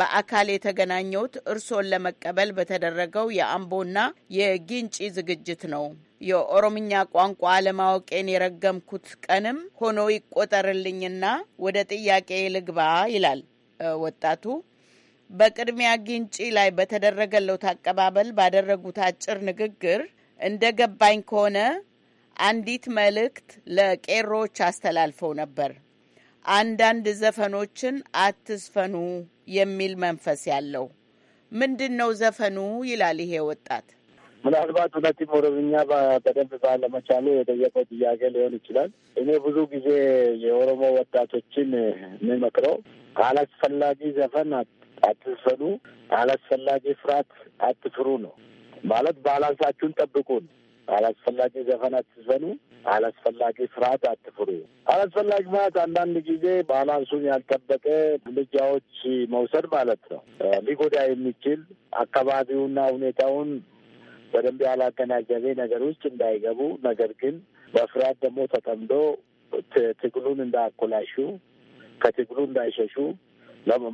S6: በአካል የተገናኘሁት እርሶን ለመቀበል በተደረገው የአምቦና የጊንጪ ዝግጅት ነው። የኦሮምኛ ቋንቋ አለማወቄን የረገምኩት ቀንም ሆኖ ይቆጠርልኝና ወደ ጥያቄ ልግባ ይላል ወጣቱ። በቅድሚያ ግንጪ ላይ በተደረገለት አቀባበል ባደረጉት አጭር ንግግር እንደ ገባኝ ከሆነ አንዲት መልእክት ለቄሮዎች አስተላልፈው ነበር። አንዳንድ ዘፈኖችን አትስፈኑ የሚል መንፈስ ያለው ምንድን ነው ዘፈኑ? ይላል ይሄ ወጣት።
S10: ምናልባት እውነትም ኦሮምኛ በደንብ ባለመቻሉ የጠየቀው ጥያቄ ሊሆን ይችላል። እኔ ብዙ ጊዜ የኦሮሞ ወጣቶችን የምመክረው ካላስፈላጊ ዘፈን አትዝፈኑ፣ አላስፈላጊ ፍርሃት አትፍሩ ነው ማለት ባላንሳችሁን ጠብቁን አላስፈላጊ ዘፈን አትዝፈኑ፣ አላስፈላጊ ፍርሃት አትፍሩ። አላስፈላጊ ማለት አንዳንድ ጊዜ ባላንሱን ያልጠበቀ እርምጃዎች መውሰድ ማለት ነው። ሊጎዳ የሚችል አካባቢውና ሁኔታውን በደንብ ያላገናዘበ ነገር ውስጥ እንዳይገቡ፣ ነገር ግን በፍርሃት ደግሞ ተጠምዶ ትግሉን እንዳያኮላሹ፣ ከትግሉ እንዳይሸሹ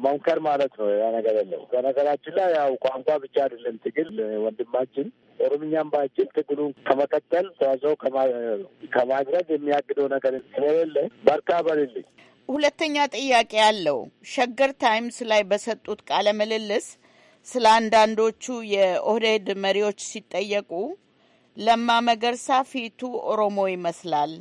S10: መምከር ማለት ነው። ያ ነገር የለው። በነገራችን ላይ ያው ቋንቋ ብቻ አይደለም ትግል ወንድማችን፣ ኦሮምኛም ባችል ትግሉን ከመቀጠል ተዋዘው ከማድረግ የሚያግደው ነገር ስለሌለ በርታ በልልኝ።
S6: ሁለተኛ ጥያቄ ያለው ሸገር ታይምስ ላይ በሰጡት ቃለ ምልልስ ስለ አንዳንዶቹ የኦህዴድ መሪዎች ሲጠየቁ ለማ መገርሳ ፊቱ ኦሮሞ ይመስላል፣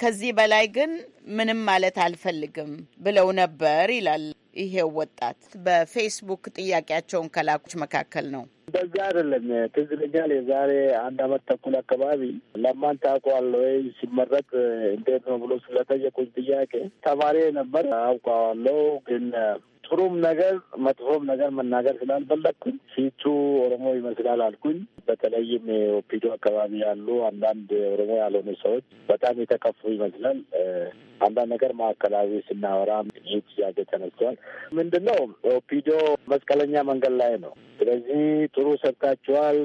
S6: ከዚህ በላይ ግን ምንም ማለት አልፈልግም ብለው ነበር ይላል። ይሄው ወጣት በፌስቡክ ጥያቄያቸውን ከላኮች መካከል ነው።
S10: እንደዚህ አይደለም ትዝ ይለኛል። የዛሬ አንድ አመት ተኩል አካባቢ ለማን ታውቀዋለህ ወይ ሲመረጥ እንዴት ነው ብሎ ስለጠየቁኝ ጥያቄ ተማሪ ነበር አውቀዋለሁ ግን ጥሩም ነገር መጥፎም ነገር መናገር ስላልፈለግኩኝ ፊቱ ኦሮሞ ይመስላል አልኩኝ። በተለይም የኦፒዶ አካባቢ ያሉ አንዳንድ ኦሮሞ ያልሆኑ ሰዎች በጣም የተከፉ ይመስላል። አንዳንድ ነገር ማዕከላዊ ስናወራ ይህ ጥያቄ ተነስቷል። ምንድን ነው ኦፒዶ መስቀለኛ መንገድ ላይ ነው። ስለዚህ ጥሩ ሰርታችኋል፣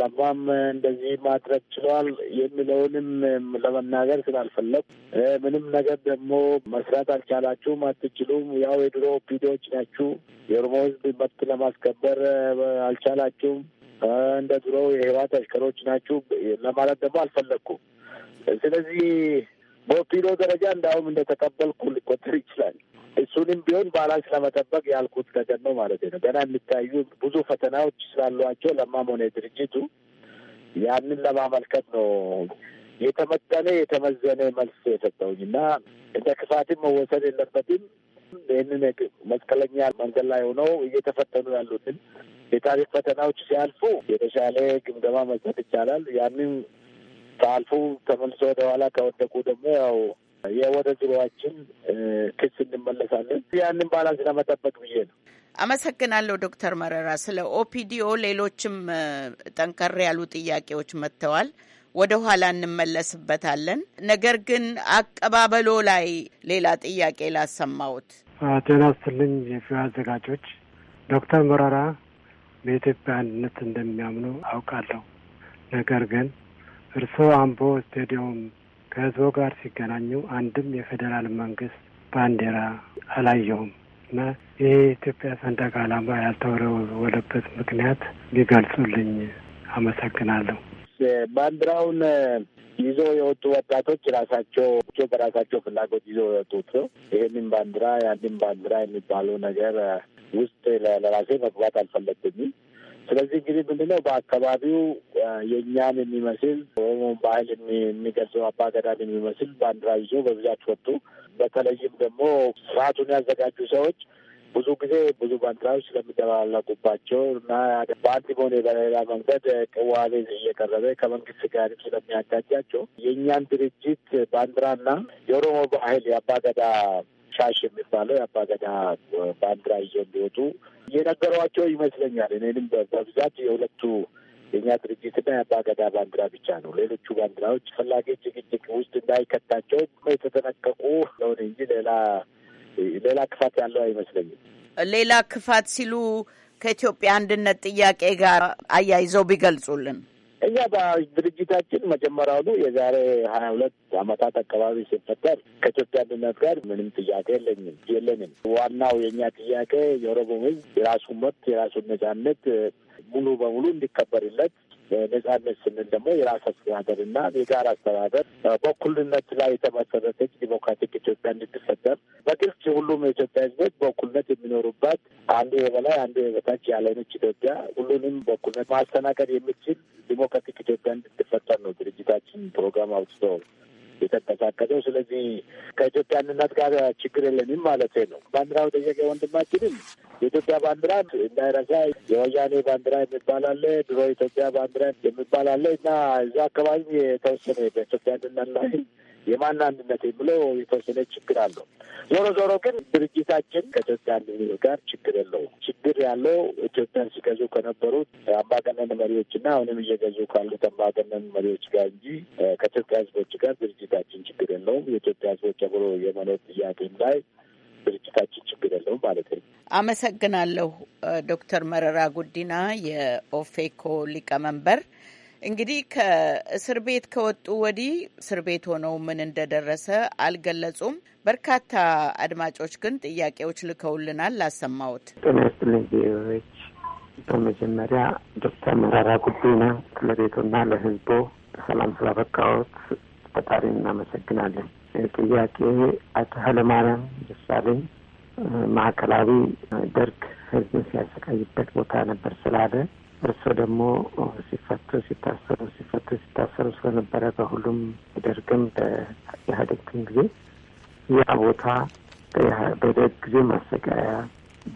S10: ለማም እንደዚህ ማድረግ ችሏል የሚለውንም ለመናገር ስላልፈለግ ምንም ነገር ደግሞ መስራት አልቻላችሁም፣ አትችሉም ያው የድሮ ኦፒዶ ፓርቲዎች ናችሁ፣ የኦሮሞ ህዝብ መብት ለማስከበር አልቻላችሁም፣ እንደ ድሮው የህወሓት አሽከሮች ናችሁ ለማለት ደግሞ አልፈለግኩም። ስለዚህ በኦፒዶ ደረጃ እንዳሁም እንደተቀበልኩ ሊቆጠር ይችላል። እሱንም ቢሆን ባላንስ ለመጠበቅ ያልኩት ነገር ነው ማለት ነው። ገና የሚታዩ ብዙ ፈተናዎች ስላሏቸው ለማም ሆነ ድርጅቱ ያንን ለማመልከት ነው የተመጠነ የተመዘነ መልስ የሰጠውኝ እና እንደ ክፋትም መወሰድ የለበትም ይህንን መስቀለኛ መንገድ ላይ ሆነው እየተፈተኑ ያሉትን የታሪክ ፈተናዎች ሲያልፉ የተሻለ ግምገማ መስጠት ይቻላል። ያንን ከአልፉ ተመልሶ ወደኋላ ከወደቁ ደግሞ ያው የወደ ድሮዋችን ክስ እንመለሳለን። ያንን ባላንስ ለመጠበቅ ብዬ ነው።
S6: አመሰግናለሁ ዶክተር መረራ ስለ ኦፒዲኦ። ሌሎችም ጠንከር ያሉ ጥያቄዎች መጥተዋል። ወደ ኋላ እንመለስበታለን። ነገር ግን አቀባበሎ ላይ ሌላ ጥያቄ ላሰማሁት።
S10: ጤና ይስጥልኝ የፊ አዘጋጆች። ዶክተር መረራ በኢትዮጵያ አንድነት እንደሚያምኑ አውቃለሁ። ነገር ግን እርስዎ አምቦ ስቴዲየም ከህዝቡ ጋር ሲገናኙ አንድም የፌዴራል መንግስት ባንዲራ አላየሁም እና ይህ የኢትዮጵያ ሰንደቅ ዓላማ ያልተወለወለበት ምክንያት ሊገልጹልኝ አመሰግናለሁ። ባንዲራውን ይዞ የወጡ ወጣቶች ራሳቸው በራሳቸው ፍላጎት ይዞ የወጡት ይህንን ባንዲራ ያንን ባንዲራ የሚባለው ነገር ውስጥ ለራሴ መግባት አልፈለግም። ስለዚህ እንግዲህ ምንድነው በአካባቢው የእኛን የሚመስል ኦሮሞ ባህል የሚገልጸው አባገዳን የሚመስል ባንዲራ ይዞ በብዛት ወጡ። በተለይም ደግሞ ስርዓቱን ያዘጋጁ ሰዎች ብዙ ጊዜ ብዙ ባንዲራዎች ስለሚደባለቁባቸው እና በአንድ ሆነ በሌላ መንገድ ቅዋሌ እየቀረበ ከመንግስት ጋር ስለሚያጋጫቸው የእኛን ድርጅት ባንዲራና የኦሮሞ ባህል የአባገዳ ሻሽ የሚባለው የአባገዳ ባንዲራ ይዞ እንዲወጡ እየነገሯቸው ይመስለኛል። እኔንም በብዛት የሁለቱ የእኛ ድርጅትና የአባገዳ ባንዲራ ብቻ ነው። ሌሎቹ ባንዲራዎች ፈላጊ ጭቅጭቅ ውስጥ እንዳይከታቸው የተጠነቀቁ ለሆነ እንጂ ሌላ
S6: ሌላ ክፋት ያለው አይመስለኝም። ሌላ ክፋት ሲሉ ከኢትዮጵያ አንድነት ጥያቄ ጋር አያይዘው ቢገልጹልን። እኛ በድርጅታችን መጀመሪያውኑ
S10: የዛሬ ሀያ ሁለት አመታት አካባቢ ሲፈጠር ከኢትዮጵያ አንድነት ጋር ምንም ጥያቄ የለኝም የለንም። ዋናው የእኛ ጥያቄ የኦሮሞ ሕዝብ የራሱን መብት የራሱን ነጻነት ሙሉ በሙሉ እንዲከበርለት ነጻነት ስንል ደግሞ የራስ አስተዳደር እና የጋራ አስተዳደር በእኩልነት ላይ የተመሰረተች ዲሞክራቲክ ኢትዮጵያ እንድትፈጠር በግልጽ ሁሉም የኢትዮጵያ ሕዝቦች በእኩልነት የሚኖሩባት አንዱ የበላይ አንዱ የበታች ያለነች ኢትዮጵያ ሁሉንም በእኩልነት ማስተናገድ የሚችል ዲሞክራቲክ ኢትዮጵያ እንድትፈጠር ነው ድርጅታችን ፕሮግራም አውጥቶ የተንቀሳቀሰው። ስለዚህ ከኢትዮጵያ አንድነት ጋር ችግር የለንም ማለት ነው። ባንዲራው ጠየቀ ወንድማችንም የኢትዮጵያ ባንዲራ እንዳይረሳ የወያኔ ባንዲራ የሚባል አለ፣ ድሮ ኢትዮጵያ ባንዲራ የሚባል አለ እና እዛ አካባቢ የተወሰነ በኢትዮጵያ አንድነት ላይ የማን አንድነት ብሎ የተወሰነ ችግር አለው። ዞሮ ዞሮ ግን ድርጅታችን ከኢትዮጵያ አንድነት ጋር ችግር የለውም። ችግር ያለው ኢትዮጵያን ሲገዙ ከነበሩት አምባገነን መሪዎችና አሁንም እየገዙ ካሉት አምባገነን መሪዎች ጋር እንጂ ከኢትዮጵያ ሕዝቦች ጋር ድርጅታችን ችግር የለውም። የኢትዮጵያ ሕዝቦች አብሮ የመኖር ጥያቄም ላይ ድርጅታችን ችግር የለውም ማለት ነው።
S6: አመሰግናለሁ ዶክተር መረራ ጉዲና የኦፌኮ ሊቀመንበር እንግዲህ ከእስር ቤት ከወጡ ወዲህ እስር ቤት ሆነው ምን እንደደረሰ አልገለጹም። በርካታ አድማጮች ግን ጥያቄዎች ልከውልናል። ላሰማዎት። ጤና
S10: በመጀመሪያ ዶክተር መራራ ጉዲና ለቤቱና ለሕዝቡ በሰላም ስላበቃዎት ፈጣሪ እናመሰግናለን። ጥያቄ አቶ ኃይለማርያም ደሳለኝ ማዕከላዊ ደርግ ህዝብን ሲያሰቃይበት ቦታ ነበር ስላለ እርሶ ደግሞ ሲፈቱ ሲታሰሩ ሲፈቱ ሲታሰሩ ስለነበረ በሁሉም ደርግም በኢህአዴግም ጊዜ ያ ቦታ በደርግ ጊዜ ማሰቃያ፣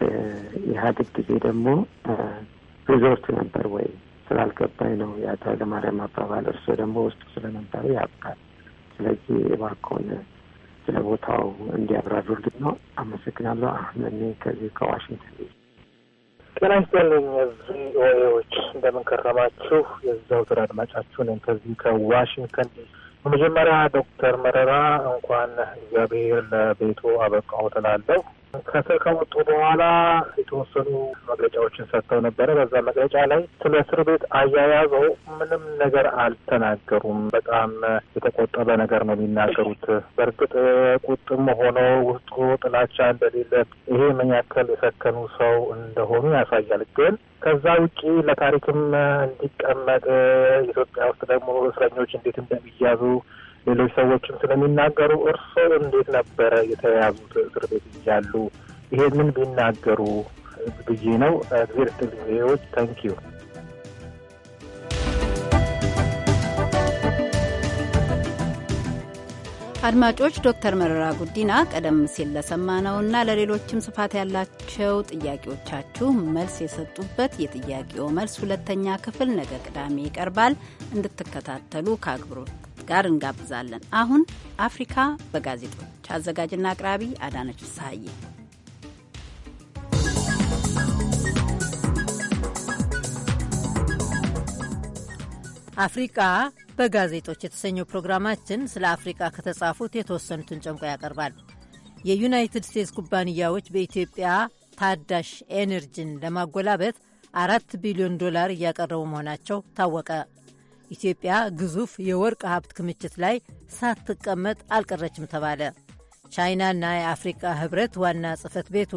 S10: በኢህአዴግ ጊዜ ደግሞ ሪዞርት ነበር ወይ ስላልገባኝ ነው የአቶ ኃይለማርያም አባባል። እርሶ ደግሞ ውስጡ ስለነበሩ ያውቃል። ስለዚህ እባክዎን ስለ ቦታው እንዲያብራሩልን ነው። አመሰግናለሁ። አህመኔ ከዚህ ከዋሽንግተን ጤና ይስጥልኝ ቪኦኤዎች እንደምን ከረማችሁ? የዛው ትር አድማጫችሁ ነኝ ከዚህ ከዋሽንግተን ዲሲ። በመጀመሪያ ዶክተር መረራ እንኳን እግዚአብሔር ለቤቱ አበቃው ትላለሁ። ከስር ከወጡ በኋላ የተወሰኑ መግለጫዎችን ሰጥተው ነበረ። በዛ መግለጫ ላይ ስለ እስር ቤት አያያዘው
S7: ምንም ነገር
S10: አልተናገሩም። በጣም የተቆጠበ ነገር ነው የሚናገሩት። በእርግጥ ቁጥም ሆኖ ውስጡ ጥላቻ እንደሌለ ይሄ ምን ያክል የሰከኑ ሰው እንደሆኑ ያሳያል። ግን ከዛ ውጪ ለታሪክም እንዲቀመጥ ኢትዮጵያ ውስጥ ደግሞ እስረኞች እንዴት እንደሚያዙ ሌሎች ሰዎችም ስለሚናገሩ እርስዎ እንዴት ነበረ የተያዙት እስር ቤት እያሉ ይሄንን ቢናገሩ ብዬ ነው። እግዜር ይስጥልኝ። ታንኪዩ።
S1: አድማጮች ዶክተር መረራ ጉዲና ቀደም ሲል ለሰማነውና ለሌሎችም ስፋት ያላቸው ጥያቄዎቻችሁ መልስ የሰጡበት የጥያቄው መልስ ሁለተኛ ክፍል ነገ ቅዳሜ ይቀርባል። እንድትከታተሉ ከአክብሮት ጋር እንጋብዛለን። አሁን አፍሪካ በጋዜጦች አዘጋጅና አቅራቢ አዳነች ሳዬ።
S8: አፍሪቃ በጋዜጦች የተሰኘው ፕሮግራማችን ስለ አፍሪቃ ከተጻፉት የተወሰኑትን ጨምቆ ያቀርባል። የዩናይትድ ስቴትስ ኩባንያዎች በኢትዮጵያ ታዳሽ ኤነርጂን ለማጎላበት አራት ቢሊዮን ዶላር እያቀረቡ መሆናቸው ታወቀ። ኢትዮጵያ ግዙፍ የወርቅ ሀብት ክምችት ላይ ሳትቀመጥ አልቀረችም ተባለ። ቻይናና የአፍሪቃ ህብረት ዋና ጽህፈት ቤቱ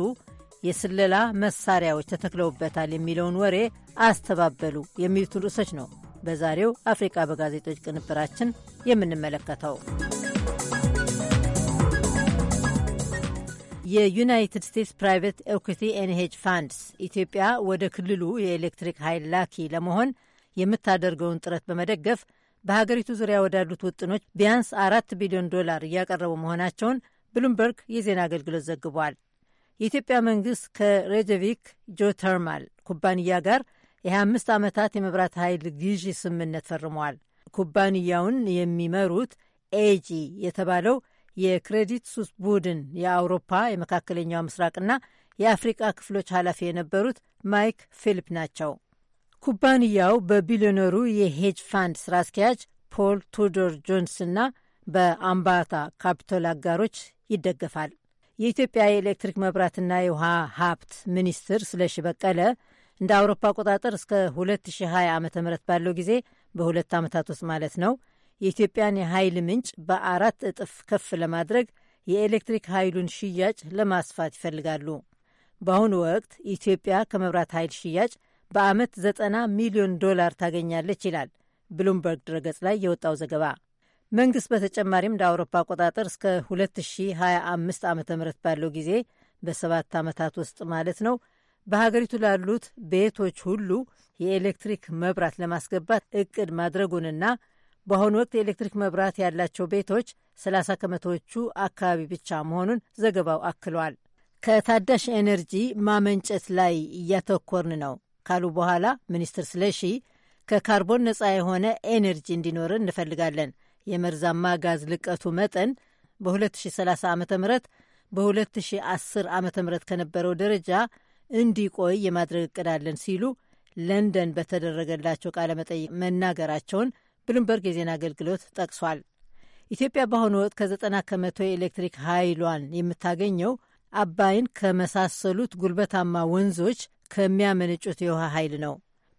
S8: የስለላ መሳሪያዎች ተተክለውበታል የሚለውን ወሬ አስተባበሉ የሚሉትን ርዕሶች ነው በዛሬው አፍሪቃ በጋዜጦች ቅንብራችን የምንመለከተው። የዩናይትድ ስቴትስ ፕራይቬት ኤኩቲ ኤንሄጅ ፋንድስ ኢትዮጵያ ወደ ክልሉ የኤሌክትሪክ ኃይል ላኪ ለመሆን የምታደርገውን ጥረት በመደገፍ በሀገሪቱ ዙሪያ ወዳሉት ውጥኖች ቢያንስ አራት ቢሊዮን ዶላር እያቀረቡ መሆናቸውን ብሉምበርግ የዜና አገልግሎት ዘግቧል። የኢትዮጵያ መንግስት ከሬጀቪክ ጆተርማል ኩባንያ ጋር የ25 ዓመታት የመብራት ኃይል ግዢ ስምምነት ፈርመዋል። ኩባንያውን የሚመሩት ኤጂ የተባለው የክሬዲት ሱስ ቡድን የአውሮፓ የመካከለኛው ምስራቅና የአፍሪቃ ክፍሎች ኃላፊ የነበሩት ማይክ ፊሊፕ ናቸው። ኩባንያው በቢሊዮነሩ የሄጅ ፋንድ ስራ አስኪያጅ ፖል ቱዶር ጆንስና በአምባታ ካፒታል አጋሮች ይደገፋል። የኢትዮጵያ የኤሌክትሪክ መብራትና የውሃ ሀብት ሚኒስትር ስለሺ በቀለ እንደ አውሮፓ አቆጣጠር እስከ 2020 ዓ ም ባለው ጊዜ በሁለት ዓመታት ውስጥ ማለት ነው የኢትዮጵያን የኃይል ምንጭ በአራት እጥፍ ከፍ ለማድረግ የኤሌክትሪክ ኃይሉን ሽያጭ ለማስፋት ይፈልጋሉ። በአሁኑ ወቅት ኢትዮጵያ ከመብራት ኃይል ሽያጭ በዓመት 90 ሚሊዮን ዶላር ታገኛለች ይላል ብሉምበርግ ድረገጽ ላይ የወጣው ዘገባ። መንግስት በተጨማሪም እንደ አውሮፓ አቆጣጠር እስከ 2025 ዓ ም ባለው ጊዜ በሰባት ዓመታት ውስጥ ማለት ነው በሀገሪቱ ላሉት ቤቶች ሁሉ የኤሌክትሪክ መብራት ለማስገባት እቅድ ማድረጉንና በአሁኑ ወቅት የኤሌክትሪክ መብራት ያላቸው ቤቶች 30 ከመቶዎቹ አካባቢ ብቻ መሆኑን ዘገባው አክሏል። ከታዳሽ ኤነርጂ ማመንጨት ላይ እያተኮርን ነው ካሉ በኋላ ሚኒስትር ስለሺ ከካርቦን ነፃ የሆነ ኤነርጂ እንዲኖረን እንፈልጋለን። የመርዛማ ጋዝ ልቀቱ መጠን በ2030 ዓ ም በ2010 ዓ ም ከነበረው ደረጃ እንዲቆይ የማድረግ እቅዳለን ሲሉ ለንደን በተደረገላቸው ቃለ መጠይቅ መናገራቸውን ብሉምበርግ የዜና አገልግሎት ጠቅሷል። ኢትዮጵያ በአሁኑ ወቅት ከዘጠና ከመቶ የኤሌክትሪክ ኃይሏን የምታገኘው አባይን ከመሳሰሉት ጉልበታማ ወንዞች ከሚያመነጩት የውሃ ኃይል ነው።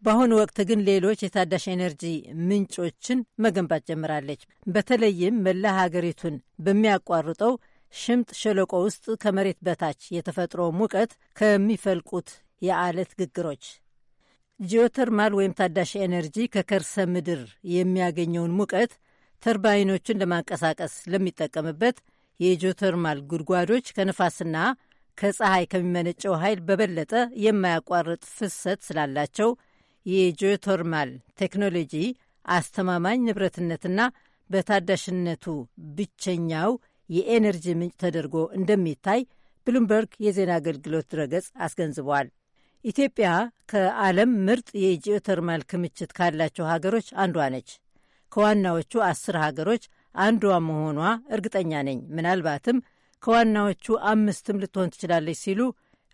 S8: በአሁኑ ወቅት ግን ሌሎች የታዳሽ ኤነርጂ ምንጮችን መገንባት ጀምራለች። በተለይም መላ ሀገሪቱን በሚያቋርጠው ሽምጥ ሸለቆ ውስጥ ከመሬት በታች የተፈጥሮ ሙቀት ከሚፈልቁት የአለት ግግሮች ጂኦተርማል ወይም ታዳሽ ኤነርጂ ከከርሰ ምድር የሚያገኘውን ሙቀት ተርባይኖችን ለማንቀሳቀስ ለሚጠቀምበት የጂኦተርማል ጉድጓዶች ከነፋስና ከፀሐይ ከሚመነጨው ኃይል በበለጠ የማያቋርጥ ፍሰት ስላላቸው የጂኦተርማል ቴክኖሎጂ አስተማማኝ ንብረትነትና በታዳሽነቱ ብቸኛው የኤነርጂ ምንጭ ተደርጎ እንደሚታይ ብሉምበርግ የዜና አገልግሎት ድረገጽ አስገንዝቧል። ኢትዮጵያ ከዓለም ምርጥ የጂኦተርማል ክምችት ካላቸው ሀገሮች አንዷ ነች። ከዋናዎቹ አስር ሀገሮች አንዷ መሆኗ እርግጠኛ ነኝ። ምናልባትም ከዋናዎቹ አምስትም ልትሆን ትችላለች ሲሉ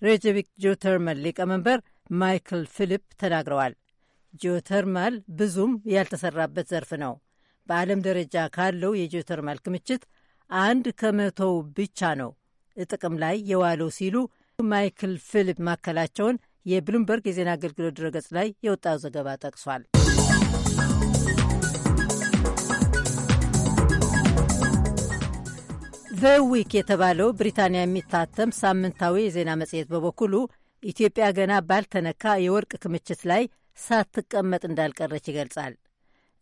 S8: ሬጀቪክ ጂኦተርማል ሊቀመንበር ማይክል ፊሊፕ ተናግረዋል። ጂኦተርማል ብዙም ያልተሰራበት ዘርፍ ነው። በዓለም ደረጃ ካለው የጂኦተርማል ክምችት አንድ ከመቶው ብቻ ነው ጥቅም ላይ የዋለው ሲሉ ማይክል ፊሊፕ ማከላቸውን የብሉምበርግ የዜና አገልግሎት ድረገጽ ላይ የወጣው ዘገባ ጠቅሷል። ዘ ዊክ የተባለው ብሪታንያ የሚታተም ሳምንታዊ የዜና መጽሔት በበኩሉ ኢትዮጵያ ገና ባልተነካ የወርቅ ክምችት ላይ ሳትቀመጥ እንዳልቀረች ይገልጻል።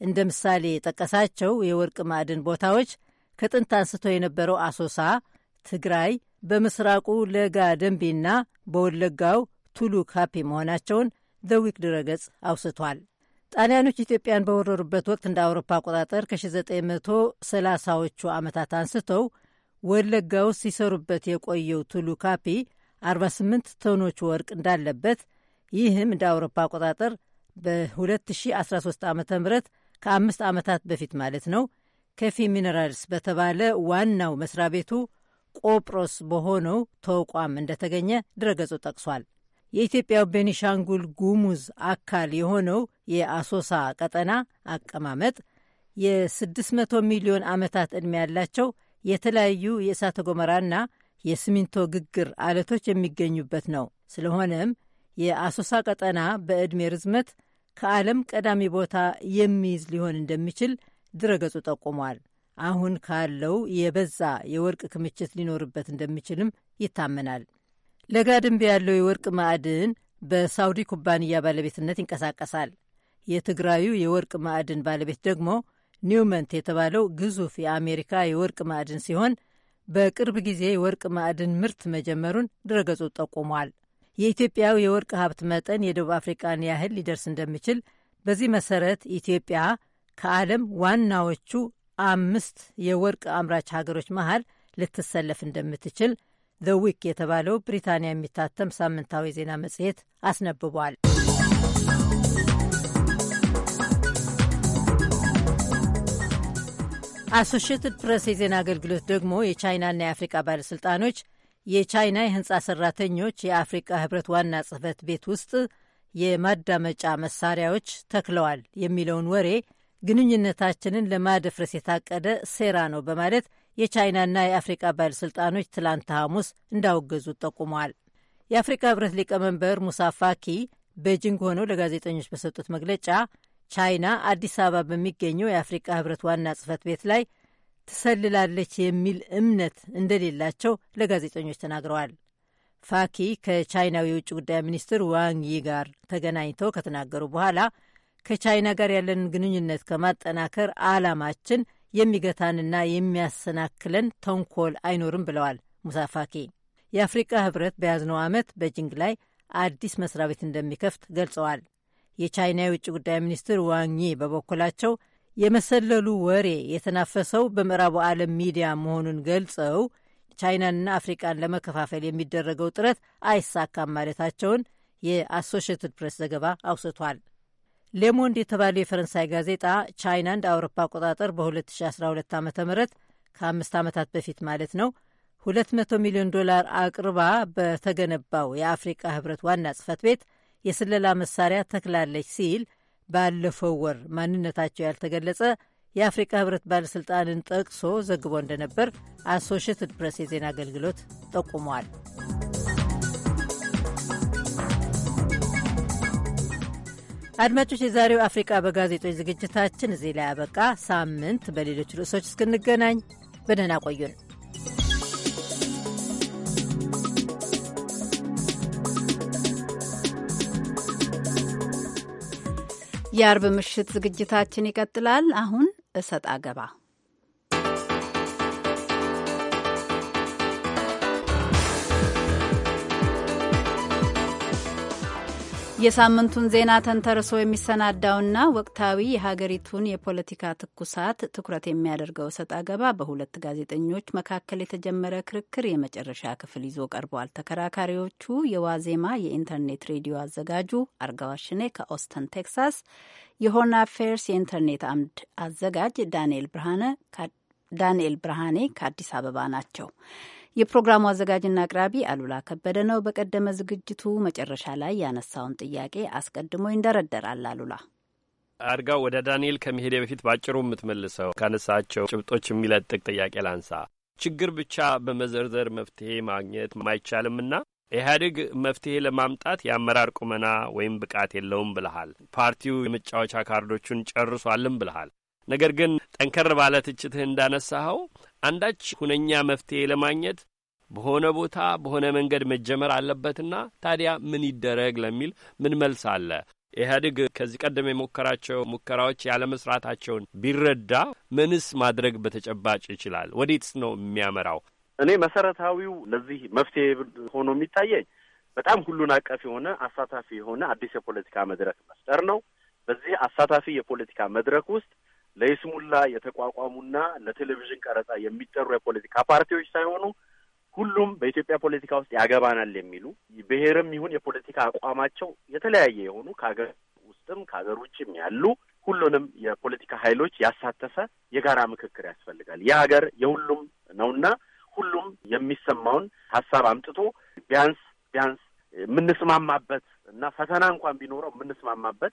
S8: እንደ ምሳሌ የጠቀሳቸው የወርቅ ማዕድን ቦታዎች ከጥንት አንስቶ የነበረው አሶሳ፣ ትግራይ፣ በምስራቁ ለጋ ደንቢና በወለጋው ቱሉ ካፒ መሆናቸውን ዘዊክ ድረገጽ አውስቷል። ጣሊያኖች ኢትዮጵያን በወረሩበት ወቅት እንደ አውሮፓ አቆጣጠር ከ1930ዎቹ ዓመታት አንስተው ወለጋ ውስጥ ሲሰሩበት የቆየው ቱሉ ካፒ 48 ቶኖች ወርቅ እንዳለበት ይህም እንደ አውሮፓ አቆጣጠር በ2013 ዓ ም ከአምስት ዓመታት በፊት ማለት ነው ከፊ ሚነራልስ በተባለ ዋናው መስሪያ ቤቱ ቆጵሮስ በሆነው ተቋም እንደተገኘ ድረገጹ ጠቅሷል። የኢትዮጵያው ቤኒሻንጉል ጉሙዝ አካል የሆነው የአሶሳ ቀጠና አቀማመጥ የ600 ሚሊዮን ዓመታት ዕድሜ ያላቸው የተለያዩ የእሳተ ገሞራና የሲሚንቶ ግግር አለቶች የሚገኙበት ነው። ስለሆነም የአሶሳ ቀጠና በዕድሜ ርዝመት ከዓለም ቀዳሚ ቦታ የሚይዝ ሊሆን እንደሚችል ድረገጹ ጠቁሟል። አሁን ካለው የበዛ የወርቅ ክምችት ሊኖርበት እንደሚችልም ይታመናል። ለጋድንቢ ያለው የወርቅ ማዕድን በሳውዲ ኩባንያ ባለቤትነት ይንቀሳቀሳል። የትግራዩ የወርቅ ማዕድን ባለቤት ደግሞ ኒውመንት የተባለው ግዙፍ የአሜሪካ የወርቅ ማዕድን ሲሆን በቅርብ ጊዜ የወርቅ ማዕድን ምርት መጀመሩን ድረገጹ ጠቁሟል። የኢትዮጵያው የወርቅ ሀብት መጠን የደቡብ አፍሪቃን ያህል ሊደርስ እንደሚችል በዚህ መሰረት ኢትዮጵያ ከዓለም ዋናዎቹ አምስት የወርቅ አምራች ሀገሮች መሃል ልትሰለፍ እንደምትችል ዘ ዊክ የተባለው ብሪታንያ የሚታተም ሳምንታዊ ዜና መጽሔት አስነብቧል። አሶሽትድ ፕሬስ የዜና አገልግሎት ደግሞ የቻይናና የአፍሪቃ ባለሥልጣኖች የቻይና የህንፃ ሠራተኞች የአፍሪቃ ህብረት ዋና ጽህፈት ቤት ውስጥ የማዳመጫ መሳሪያዎች ተክለዋል የሚለውን ወሬ ግንኙነታችንን ለማደፍረስ የታቀደ ሴራ ነው በማለት የቻይናና የአፍሪቃ ባለሥልጣኖች ትላንት ሐሙስ እንዳወገዙት ጠቁመዋል። የአፍሪካ ህብረት ሊቀመንበር ሙሳ ፋኪ በጂንግ ሆነው ለጋዜጠኞች በሰጡት መግለጫ ቻይና አዲስ አበባ በሚገኘው የአፍሪቃ ህብረት ዋና ጽህፈት ቤት ላይ ትሰልላለች የሚል እምነት እንደሌላቸው ለጋዜጠኞች ተናግረዋል። ፋኪ ከቻይናው የውጭ ጉዳይ ሚኒስትር ዋንግ ይ ጋር ተገናኝተው ከተናገሩ በኋላ ከቻይና ጋር ያለን ግንኙነት ከማጠናከር አላማችን የሚገታንና የሚያሰናክለን ተንኮል አይኖርም ብለዋል ሙሳ ፋኪ። የአፍሪቃ ህብረት በያዝነው ዓመት በጂንግ ላይ አዲስ መስሪያ ቤት እንደሚከፍት ገልጸዋል። የቻይና የውጭ ጉዳይ ሚኒስትር ዋንጊ በበኩላቸው የመሰለሉ ወሬ የተናፈሰው በምዕራቡ ዓለም ሚዲያ መሆኑን ገልጸው ቻይናንና አፍሪቃን ለመከፋፈል የሚደረገው ጥረት አይሳካም ማለታቸውን የአሶሽትድ ፕሬስ ዘገባ አውስቷል። ሌሞንድ የተባለው የፈረንሳይ ጋዜጣ ቻይና እንደ አውሮፓ አቆጣጠር በ2012 ዓ ም ከአምስት ዓመታት በፊት ማለት ነው 200 ሚሊዮን ዶላር አቅርባ በተገነባው የአፍሪቃ ህብረት ዋና ጽህፈት ቤት የስለላ መሳሪያ ተክላለች ሲል ባለፈው ወር ማንነታቸው ያልተገለጸ የአፍሪካ ህብረት ባለሥልጣንን ጠቅሶ ዘግቦ እንደነበር አሶሽትድ ፕሬስ የዜና አገልግሎት ጠቁሟል። አድማጮች፣ የዛሬው አፍሪቃ በጋዜጦች ዝግጅታችን እዚህ ላይ አበቃ። ሳምንት በሌሎች ርዕሶች እስክንገናኝ በደህና ቆዩን።
S1: የአርብ ምሽት ዝግጅታችን ይቀጥላል። አሁን እሰጥ አገባ የሳምንቱን ዜና ተንተርሶ የሚሰናዳውና ወቅታዊ የሀገሪቱን የፖለቲካ ትኩሳት ትኩረት የሚያደርገው ሰጥ አገባ በሁለት ጋዜጠኞች መካከል የተጀመረ ክርክር የመጨረሻ ክፍል ይዞ ቀርቧል። ተከራካሪዎቹ የዋዜማ የኢንተርኔት ሬዲዮ አዘጋጁ አርጋው ከኦስተን ቴክሳስ፣ የሆርን አፌርስ የኢንተርኔት አምድ አዘጋጅ ዳንኤል ብርሃኔ ከአዲስ አበባ ናቸው። የፕሮግራሙ አዘጋጅና አቅራቢ አሉላ ከበደ ነው። በቀደመ ዝግጅቱ መጨረሻ ላይ ያነሳውን ጥያቄ አስቀድሞ ይንደረደራል። አሉላ
S12: አድጋው፣ ወደ ዳንኤል ከመሄድ በፊት ባጭሩ የምትመልሰው ካነሳቸው ጭብጦች የሚለጥቅ ጥያቄ ላንሳ። ችግር ብቻ በመዘርዘር መፍትሄ ማግኘት አይቻልምና ኢህአዴግ መፍትሄ ለማምጣት የአመራር ቁመና ወይም ብቃት የለውም ብልሃል። ፓርቲው የመጫወቻ ካርዶቹን ጨርሷልም ብልሃል። ነገር ግን ጠንከር ባለ ትችትህ እንዳነሳኸው አንዳች ሁነኛ መፍትሄ ለማግኘት በሆነ ቦታ በሆነ መንገድ መጀመር አለበትና ታዲያ ምን ይደረግ ለሚል ምን መልስ አለ? ኢህአዴግ ከዚህ ቀደም የሞከራቸው ሙከራዎች ያለመስራታቸውን ቢረዳ ምንስ ማድረግ በተጨባጭ ይችላል? ወዴትስ ነው የሚያመራው?
S13: እኔ መሰረታዊው ለዚህ መፍትሄ ሆኖ የሚታየኝ በጣም ሁሉን አቀፍ የሆነ አሳታፊ የሆነ አዲስ የፖለቲካ መድረክ መፍጠር ነው። በዚህ አሳታፊ የፖለቲካ መድረክ ውስጥ ለይስሙላ የተቋቋሙና ለቴሌቪዥን ቀረጻ የሚጠሩ የፖለቲካ ፓርቲዎች ሳይሆኑ ሁሉም በኢትዮጵያ ፖለቲካ ውስጥ ያገባናል የሚሉ ብሔርም ይሁን የፖለቲካ አቋማቸው የተለያየ የሆኑ ከሀገር ውስጥም ከሀገር ውጭም ያሉ ሁሉንም የፖለቲካ ኃይሎች ያሳተፈ የጋራ ምክክር ያስፈልጋል። ይህ ሀገር የሁሉም ነውና ሁሉም የሚሰማውን ሀሳብ አምጥቶ ቢያንስ ቢያንስ የምንስማማበት እና ፈተና እንኳን ቢኖረው የምንስማማበት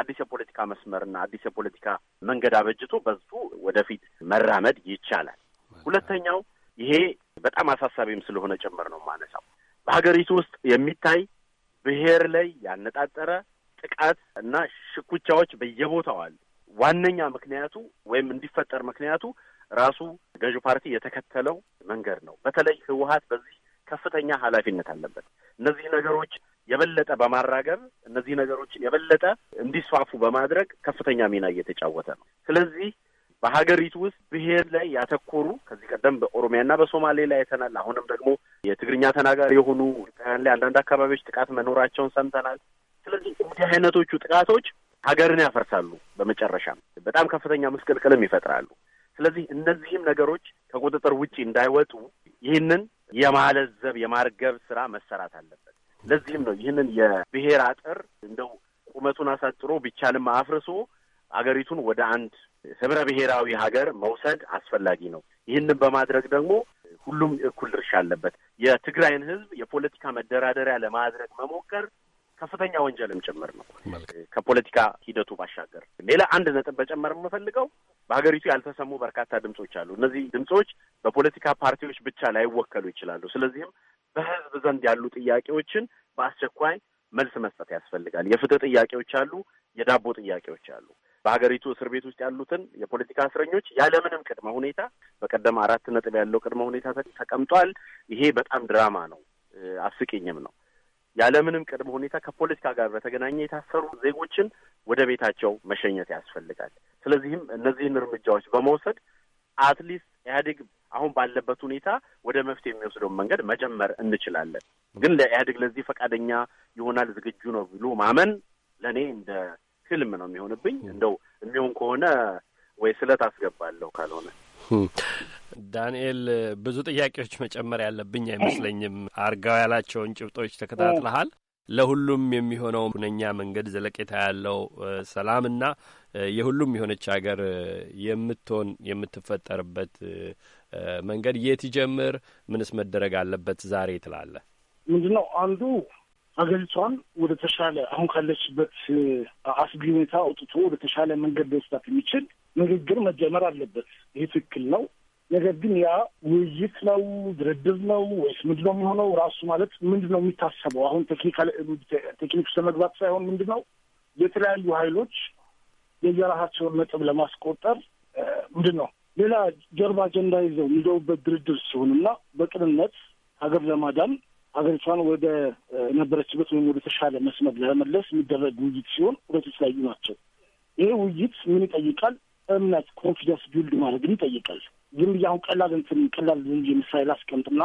S13: አዲስ የፖለቲካ መስመርና አዲስ የፖለቲካ መንገድ አበጅቶ በሱ ወደፊት መራመድ ይቻላል። ሁለተኛው ይሄ በጣም አሳሳቢም ስለሆነ ጭምር ነው ማነሳው በሀገሪቱ ውስጥ የሚታይ ብሔር ላይ ያነጣጠረ ጥቃት እና ሽኩቻዎች በየቦታው አሉ። ዋነኛ ምክንያቱ ወይም እንዲፈጠር ምክንያቱ ራሱ ገዢ ፓርቲ የተከተለው መንገድ ነው። በተለይ ህወሀት በዚህ ከፍተኛ ኃላፊነት አለበት። እነዚህ ነገሮች የበለጠ በማራገብ እነዚህ ነገሮችን የበለጠ እንዲስፋፉ በማድረግ ከፍተኛ ሚና እየተጫወተ ነው። ስለዚህ በሀገሪቱ ውስጥ ብሔር ላይ ያተኮሩ ከዚህ ቀደም በኦሮሚያና በሶማሌ ላይ አይተናል። አሁንም ደግሞ የትግርኛ ተናጋሪ የሆኑ ላይ አንዳንድ አካባቢዎች ጥቃት መኖራቸውን ሰምተናል። ስለዚህ እንዲህ አይነቶቹ ጥቃቶች ሀገርን ያፈርሳሉ፣ በመጨረሻም በጣም ከፍተኛ ምስቅልቅልም ይፈጥራሉ። ስለዚህ እነዚህም ነገሮች ከቁጥጥር ውጪ እንዳይወጡ ይህንን
S9: የማለዘብ
S13: የማርገብ ስራ መሰራት አለበት። ለዚህም ነው ይህንን የብሔር አጥር እንደው ቁመቱን አሳጥሮ ቢቻልም አፍርሶ አገሪቱን ወደ አንድ ህብረ ብሔራዊ ሀገር መውሰድ አስፈላጊ ነው። ይህንን በማድረግ ደግሞ ሁሉም እኩል ድርሻ አለበት። የትግራይን ህዝብ የፖለቲካ መደራደሪያ ለማድረግ መሞከር ከፍተኛ ወንጀልም ጭምር ነው። ከፖለቲካ ሂደቱ ባሻገር ሌላ አንድ ነጥብ መጨመር የምፈልገው በሀገሪቱ ያልተሰሙ በርካታ ድምጾች አሉ። እነዚህ ድምጾች በፖለቲካ ፓርቲዎች ብቻ ላይወከሉ ይችላሉ። ስለዚህም በህዝብ ዘንድ ያሉ ጥያቄዎችን በአስቸኳይ መልስ መስጠት ያስፈልጋል። የፍትህ ጥያቄዎች አሉ። የዳቦ ጥያቄዎች አሉ። በሀገሪቱ እስር ቤት ውስጥ ያሉትን የፖለቲካ እስረኞች ያለምንም ቅድመ ሁኔታ በቀደም አራት ነጥብ ያለው ቅድመ ሁኔታ ተቀምጧል። ይሄ በጣም ድራማ ነው፣ አስቂኝም ነው። ያለምንም ቅድመ ሁኔታ ከፖለቲካ ጋር በተገናኘ የታሰሩ ዜጎችን ወደ ቤታቸው መሸኘት ያስፈልጋል። ስለዚህም እነዚህን እርምጃዎች በመውሰድ አትሊስት ኢህአዴግ አሁን ባለበት ሁኔታ ወደ መፍትሄ የሚወስደውን መንገድ መጀመር እንችላለን። ግን ለኢህአዴግ ለዚህ ፈቃደኛ ይሆናል ዝግጁ ነው ብሎ ማመን ለእኔ እንደ ህልም ነው የሚሆንብኝ። እንደው የሚሆን ከሆነ ወይ ስለት አስገባለሁ ካልሆነ
S12: ዳንኤል፣ ብዙ ጥያቄዎች መጨመር ያለብኝ አይመስለኝም። አርጋው ያላቸውን ጭብጦች ተከታትለሃል። ለሁሉም የሚሆነው ሁነኛ መንገድ ዘለቄታ ያለው ሰላምና የሁሉም የሆነች ሀገር የምትሆን የምትፈጠርበት መንገድ የት ይጀምር? ምንስ መደረግ አለበት ዛሬ ትላለ
S14: ምንድን ነው አንዱ ሀገሪቷን ወደ ተሻለ አሁን ካለችበት አስጊ ሁኔታ አውጥቶ ወደ ተሻለ መንገድ ሊወስዳት የሚችል ንግግር መጀመር አለበት። ይህ ትክክል ነው። ነገር ግን ያ ውይይት ነው ድርድር ነው ወይስ ምንድን ነው የሚሆነው? ራሱ ማለት ምንድን ነው የሚታሰበው? አሁን ቴክኒክ ውስጥ ለመግባት ሳይሆን ምንድን ነው የተለያዩ ኃይሎች የየራሳቸውን ነጥብ ለማስቆጠር ምንድን ነው ሌላ ጀርባ አጀንዳ ይዘው የሚገቡበት ድርድር ሲሆንና በቅንነት ሀገር ለማዳን ሀገሪቷን ወደ ነበረችበት ወይም ወደ ተሻለ መስመር ለመመለስ የሚደረግ ውይይት ሲሆን ሁለት የተለያዩ ናቸው። ይሄ ውይይት ምን ይጠይቃል? እምነት ኮንፊደንስ ቢልድ ማድረግን ይጠይቃል። ዝም ብዬ አሁን ቀላል እንትን ቀላል ዝም ብዬ ምሳሌ ላስቀምጥና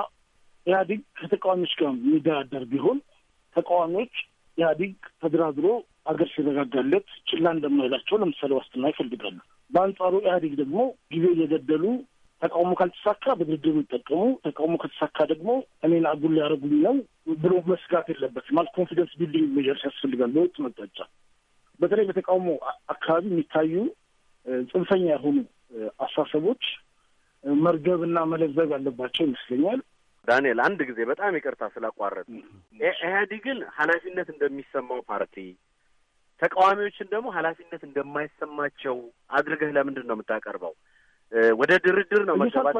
S14: ኢህአዴግ ከተቃዋሚዎች ጋር የሚደራደር ቢሆን ተቃዋሚዎች ኢህአዲግ ተደራድሮ አገር ሲረጋጋለት ችላ እንደማይላቸው ለምሳሌ ዋስትና ይፈልጋሉ። በአንጻሩ ኢህአዲግ ደግሞ ጊዜ እየገደሉ ተቃውሞ ካልተሳካ በድርድር የሚጠቀሙ ተቃውሞ ከተሳካ ደግሞ እኔን አጉል ሊያደርጉኝ ነው ብሎ መስጋት የለበት ማለት ኮንፊደንስ ቢልዲንግ ሜጀርስ ያስፈልጋል። በወጥ መጣጫ በተለይ በተቃውሞ አካባቢ የሚታዩ ጽንፈኛ የሆኑ አሳሰቦች
S13: መርገብና መለዘብ ያለባቸው ይመስለኛል። ዳንኤል አንድ ጊዜ በጣም ይቅርታ ስላቋረጥ፣ ኢህአዲግን ኃላፊነት እንደሚሰማው ፓርቲ ተቃዋሚዎችን ደግሞ ኃላፊነት እንደማይሰማቸው አድርገህ ለምንድን ነው የምታቀርበው? ወደ ድርድር ነው መግባት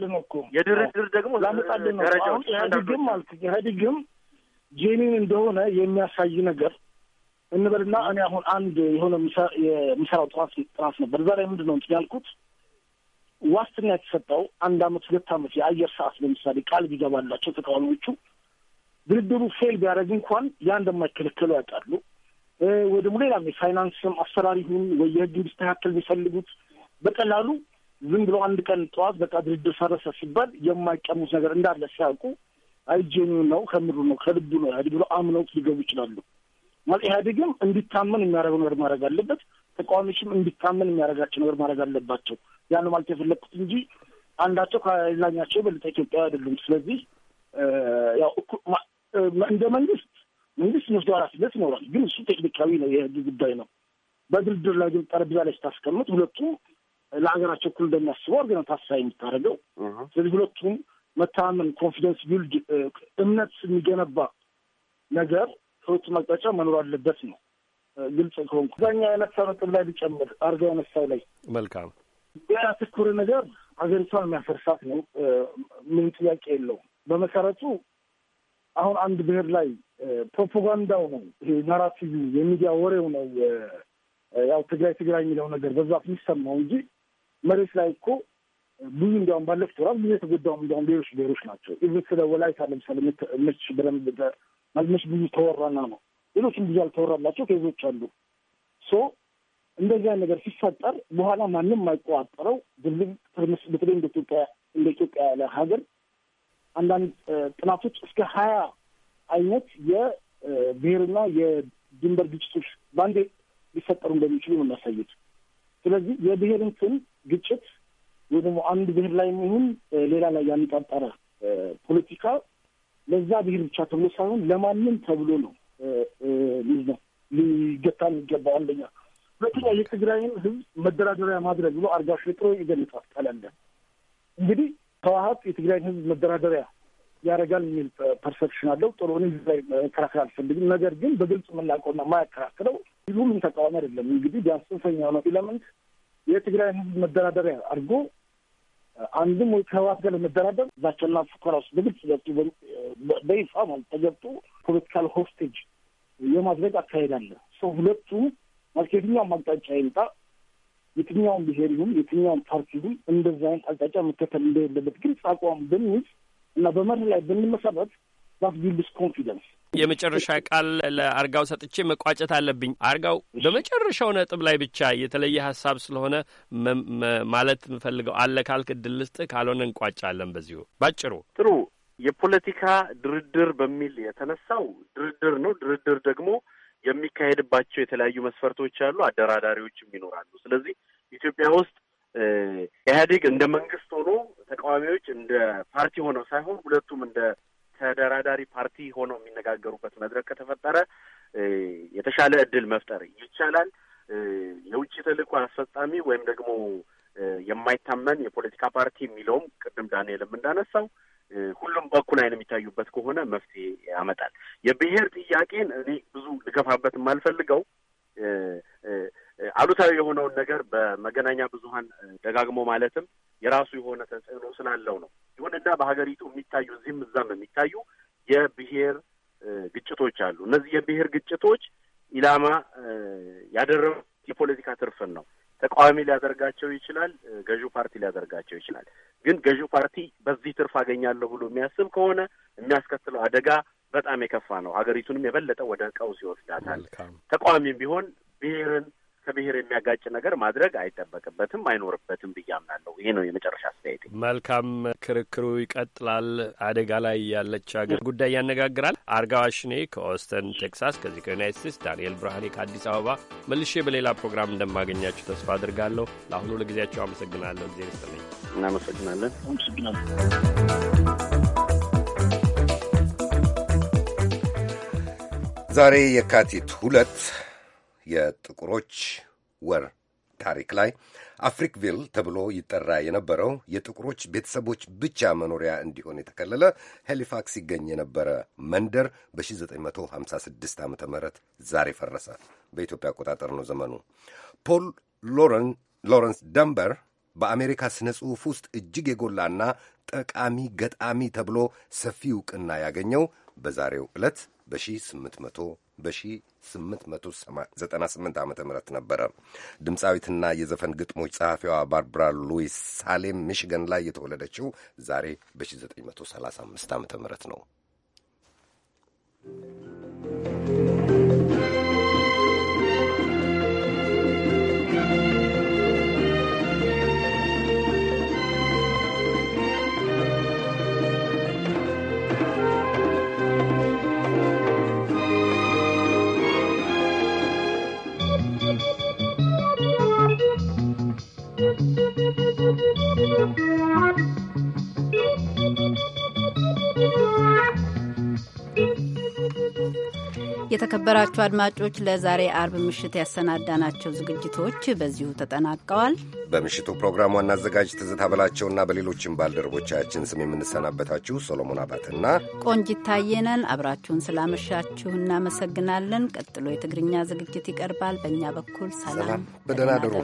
S13: ነው እኮ የድርድር ደግሞ ላመጣልህ ነው። ኢህአዲግም
S14: ማለት ኢህአዲግም ጄኒን እንደሆነ የሚያሳይ ነገር እንበልና እኔ አሁን አንድ የሆነ የሚሰራው ጥራት ጥራት ነበር። እዛ ላይ ምንድን ነው እንትን ያልኩት ዋስትና የተሰጠው አንድ አመት ሁለት አመት የአየር ሰዓት ለምሳሌ ቃል ቢገባላቸው ተቃዋሚዎቹ ድርድሩ ፌል ቢያደርግ እንኳን ያ እንደማይከለከሉ ያውቃሉ። ወይ ደግሞ ሌላም የፋይናንስም አሰራር ይሁን ወይ የህግ እንዲስተካከል የሚፈልጉት በቀላሉ ዝም ብሎ አንድ ቀን ጠዋት በቃ ድርድር ፈረሰ ሲባል የማይቀሙት ነገር እንዳለ ሲያውቁ አይጄኑ ነው ከምሩ ነው ከልቡ ነው ያድ ብሎ አምነውት ሊገቡ ይችላሉ። ኢህአዴግም እንዲታመን የሚያደርገው ነገር ማድረግ አለበት። ተቃዋሚዎችም እንዲታመን የሚያደርጋቸው ነገር ማድረግ አለባቸው። ያን ማለት የፈለግኩት እንጂ አንዳቸው ከሌላኛቸው የበለጠ ኢትዮጵያ አይደሉም። ስለዚህ ያው እንደ መንግስት መንግስት የሚወስደው ኃላፊነት ይኖራል። ግን እሱ ቴክኒካዊ ነው፣ የህግ ጉዳይ ነው። በድርድር ላይ ግን ጠረጴዛ ላይ ስታስቀምጥ ሁለቱም ለሀገራቸው እኩል እንደሚያስበው አድርገህ ነው ታሳቢ የምታደርገው። ስለዚህ ሁለቱም መታመን ኮንፊደንስ ቢልድ እምነት የሚገነባ ነገር ሰዎቹ አቅጣጫ መኖር አለበት ነው ግልጽ ከሆንኩ እዛኛው ያነሳው ነጥብ ላይ ቢጨምር አድርገው ያነሳው ላይ መልካም ያትኩር ነገር ሀገሪቷን የሚያፈርሳት ነው። ምን ጥያቄ የለውም። በመሰረቱ አሁን አንድ ብሔር ላይ ፕሮፓጋንዳው ነው ይሄ ናራቲቭ የሚዲያ ወሬው ነው ያው ትግራይ ትግራይ የሚለው ነገር በብዛት የሚሰማው እንጂ መሬት ላይ እኮ ብዙ እንዲያውም ባለፉት ወራት ብዙ የተጎዳውም እንዲያውም ሌሎች ብሔሮች ናቸው። ኢቭን ስለ ወላይታ ለምሳሌ ምች ብለን መዝሙር ብዙ ተወራና ነው። ሌሎችም ብዙ ያልተወራላቸው ፌዞች አሉ። ሶ እንደዚህ አይነት ነገር ሲፈጠር በኋላ ማንም የማይቆጣጠረው ድልም ትርምስ፣ በተለይ እንደ ኢትዮጵያ እንደ ኢትዮጵያ ያለ ሀገር አንዳንድ ጥናቶች እስከ ሀያ አይነት የብሔርና የድንበር ግጭቶች በአንዴ ሊፈጠሩ እንደሚችሉ ነው የሚያሳዩት። ስለዚህ የብሔርን ስም ግጭት ወይ ደግሞ አንድ ብሔር ላይ የሚሆን ሌላ ላይ ያነጣጠረ ፖለቲካ ለዛ ብሄር ብቻ ተብሎ ሳይሆን ለማንም ተብሎ ነው ሊገታ የሚገባው። አንደኛ ሁለተኛ የትግራይን ህዝብ መደራደሪያ ማድረግ ብሎ አርጋሽ ጥሮ ይገልጻል። ቀለለ እንግዲህ ህወሓት የትግራይን ህዝብ መደራደሪያ ያደርጋል የሚል ፐርሰፕሽን አለው። ጥሩ እኔ እዚህ ላይ መከራከር አልፈልግም። ነገር ግን በግልጽ የምናውቀውና የማያከራክረው ሁሉም ተቃዋሚ አይደለም። እንግዲህ ቢያንስ ጽንፈኛ የሆነው ኢለመንት የትግራይን ህዝብ መደራደሪያ አድርጎ አንድም ከህወሓት ጋር ለመደራደር ዛቻና ፉከራ ውስጥ በግልጽ ገብቶ በይፋ ማለት ተገብቶ ፖለቲካል ሆስቴጅ የማድረግ አካሄድ አለ። ሰው ሁለቱ ማለት የትኛውም አቅጣጫ ይምጣ፣ የትኛውን ብሔር ይሁን፣ የትኛውን ፓርቲ ይሁን እንደዛ አይነት አቅጣጫ መከተል እንደሌለበት ግልጽ አቋም ብንይዝ እና በመርህ ላይ ብንመሰረት ዛት ኮንፊደንስ።
S12: የመጨረሻ ቃል ለአርጋው ሰጥቼ መቋጨት አለብኝ። አርጋው፣ በመጨረሻው ነጥብ ላይ ብቻ የተለየ ሀሳብ ስለሆነ ማለት የምፈልገው አለ ካልክ እድል ልስጥህ፣ ካልሆነ እንቋጫለን። በዚሁ ባጭሩ
S13: ጥሩ የፖለቲካ ድርድር በሚል የተነሳው ድርድር ነው። ድርድር ደግሞ የሚካሄድባቸው የተለያዩ መስፈርቶች አሉ፣ አደራዳሪዎችም ይኖራሉ። ስለዚህ ኢትዮጵያ ውስጥ ኢህአዴግ እንደ መንግስት ሆኖ ተቃዋሚዎች እንደ ፓርቲ ሆነው ሳይሆን ሁለቱም እንደ ተደራዳሪ ፓርቲ ሆነው የሚነጋገሩበት መድረክ ከተፈጠረ የተሻለ እድል መፍጠር ይቻላል። የውጭ ተልእኮ አስፈጻሚ ወይም ደግሞ የማይታመን የፖለቲካ ፓርቲ የሚለውም ቅድም ዳንኤልም እንዳነሳው ሁሉም በኩል አይን የሚታዩበት ከሆነ መፍትሄ ያመጣል። የብሔር ጥያቄን እኔ ብዙ ልገፋበት የማልፈልገው አሉታዊ የሆነውን ነገር በመገናኛ ብዙኃን ደጋግሞ ማለትም የራሱ የሆነ ተጽዕኖ ስላለው ነው። ይሁንና በሀገሪቱ የሚታዩ እዚህም እዛም የሚታዩ የብሔር ግጭቶች አሉ። እነዚህ የብሔር ግጭቶች ኢላማ ያደረጉ የፖለቲካ ትርፍን ነው። ተቃዋሚ ሊያደርጋቸው ይችላል፣ ገዢው ፓርቲ ሊያደርጋቸው ይችላል። ግን ገዢው ፓርቲ በዚህ ትርፍ አገኛለሁ ብሎ የሚያስብ ከሆነ የሚያስከትለው አደጋ በጣም የከፋ ነው። ሀገሪቱንም የበለጠ ወደ ቀውስ ይወስዳታል። ተቃዋሚም ቢሆን ብሔርን ብሔር የሚያጋጭ ነገር ማድረግ አይጠበቅበትም፣ አይኖርበትም ብዬ አምናለሁ። ይሄ ነው የመጨረሻ አስተያየት።
S12: መልካም ክርክሩ ይቀጥላል። አደጋ ላይ ያለች ሀገር ጉዳይ ያነጋግራል። አርጋዋሽኔ ከኦስተን ቴክሳስ፣ ከዚህ ከዩናይት ስቴትስ፣ ዳንኤል ብርሃኔ ከአዲስ አበባ መልሼ በሌላ ፕሮግራም እንደማገኛችሁ ተስፋ አድርጋለሁ። ለአሁኑ ለጊዜያቸው አመሰግናለሁ። ጊዜ ስጥልኝ።
S2: እናመሰግናለን። ዛሬ የካቲት ሁለት የጥቁሮች ወር ታሪክ ላይ አፍሪክቪል ተብሎ ይጠራ የነበረው የጥቁሮች ቤተሰቦች ብቻ መኖሪያ እንዲሆን የተከለለ ሄሊፋክስ ይገኝ የነበረ መንደር በ1956 ዓ ም ዛሬ ፈረሰ። በኢትዮጵያ አቆጣጠር ነው ዘመኑ። ፖል ሎረንስ ደምበር በአሜሪካ ስነ ጽሑፍ ውስጥ እጅግ የጎላና ጠቃሚ ገጣሚ ተብሎ ሰፊ እውቅና ያገኘው በዛሬው ዕለት በ800 898 ዓ ም ነበረ። ድምፃዊትና የዘፈን ግጥሞች ጸሐፊዋ ባርብራ ሉዊስ ሳሌም ሚሽገን ላይ የተወለደችው ዛሬ በ935 ዓ ም ነው።
S1: የተከበራችሁ አድማጮች ለዛሬ አርብ ምሽት ያሰናዳናቸው ዝግጅቶች በዚሁ ተጠናቀዋል።
S2: በምሽቱ ፕሮግራም ዋና አዘጋጅ ትዝታ በላቸውና በሌሎችም ባልደረቦቻችን ስም የምንሰናበታችሁ ሶሎሞን አባትና
S1: ቆንጂት ታየ አብራችሁን ስላመሻችሁ እናመሰግናለን። ቀጥሎ የትግርኛ ዝግጅት ይቀርባል። በእኛ በኩል ሰላም፣
S2: በደህና እደሩ።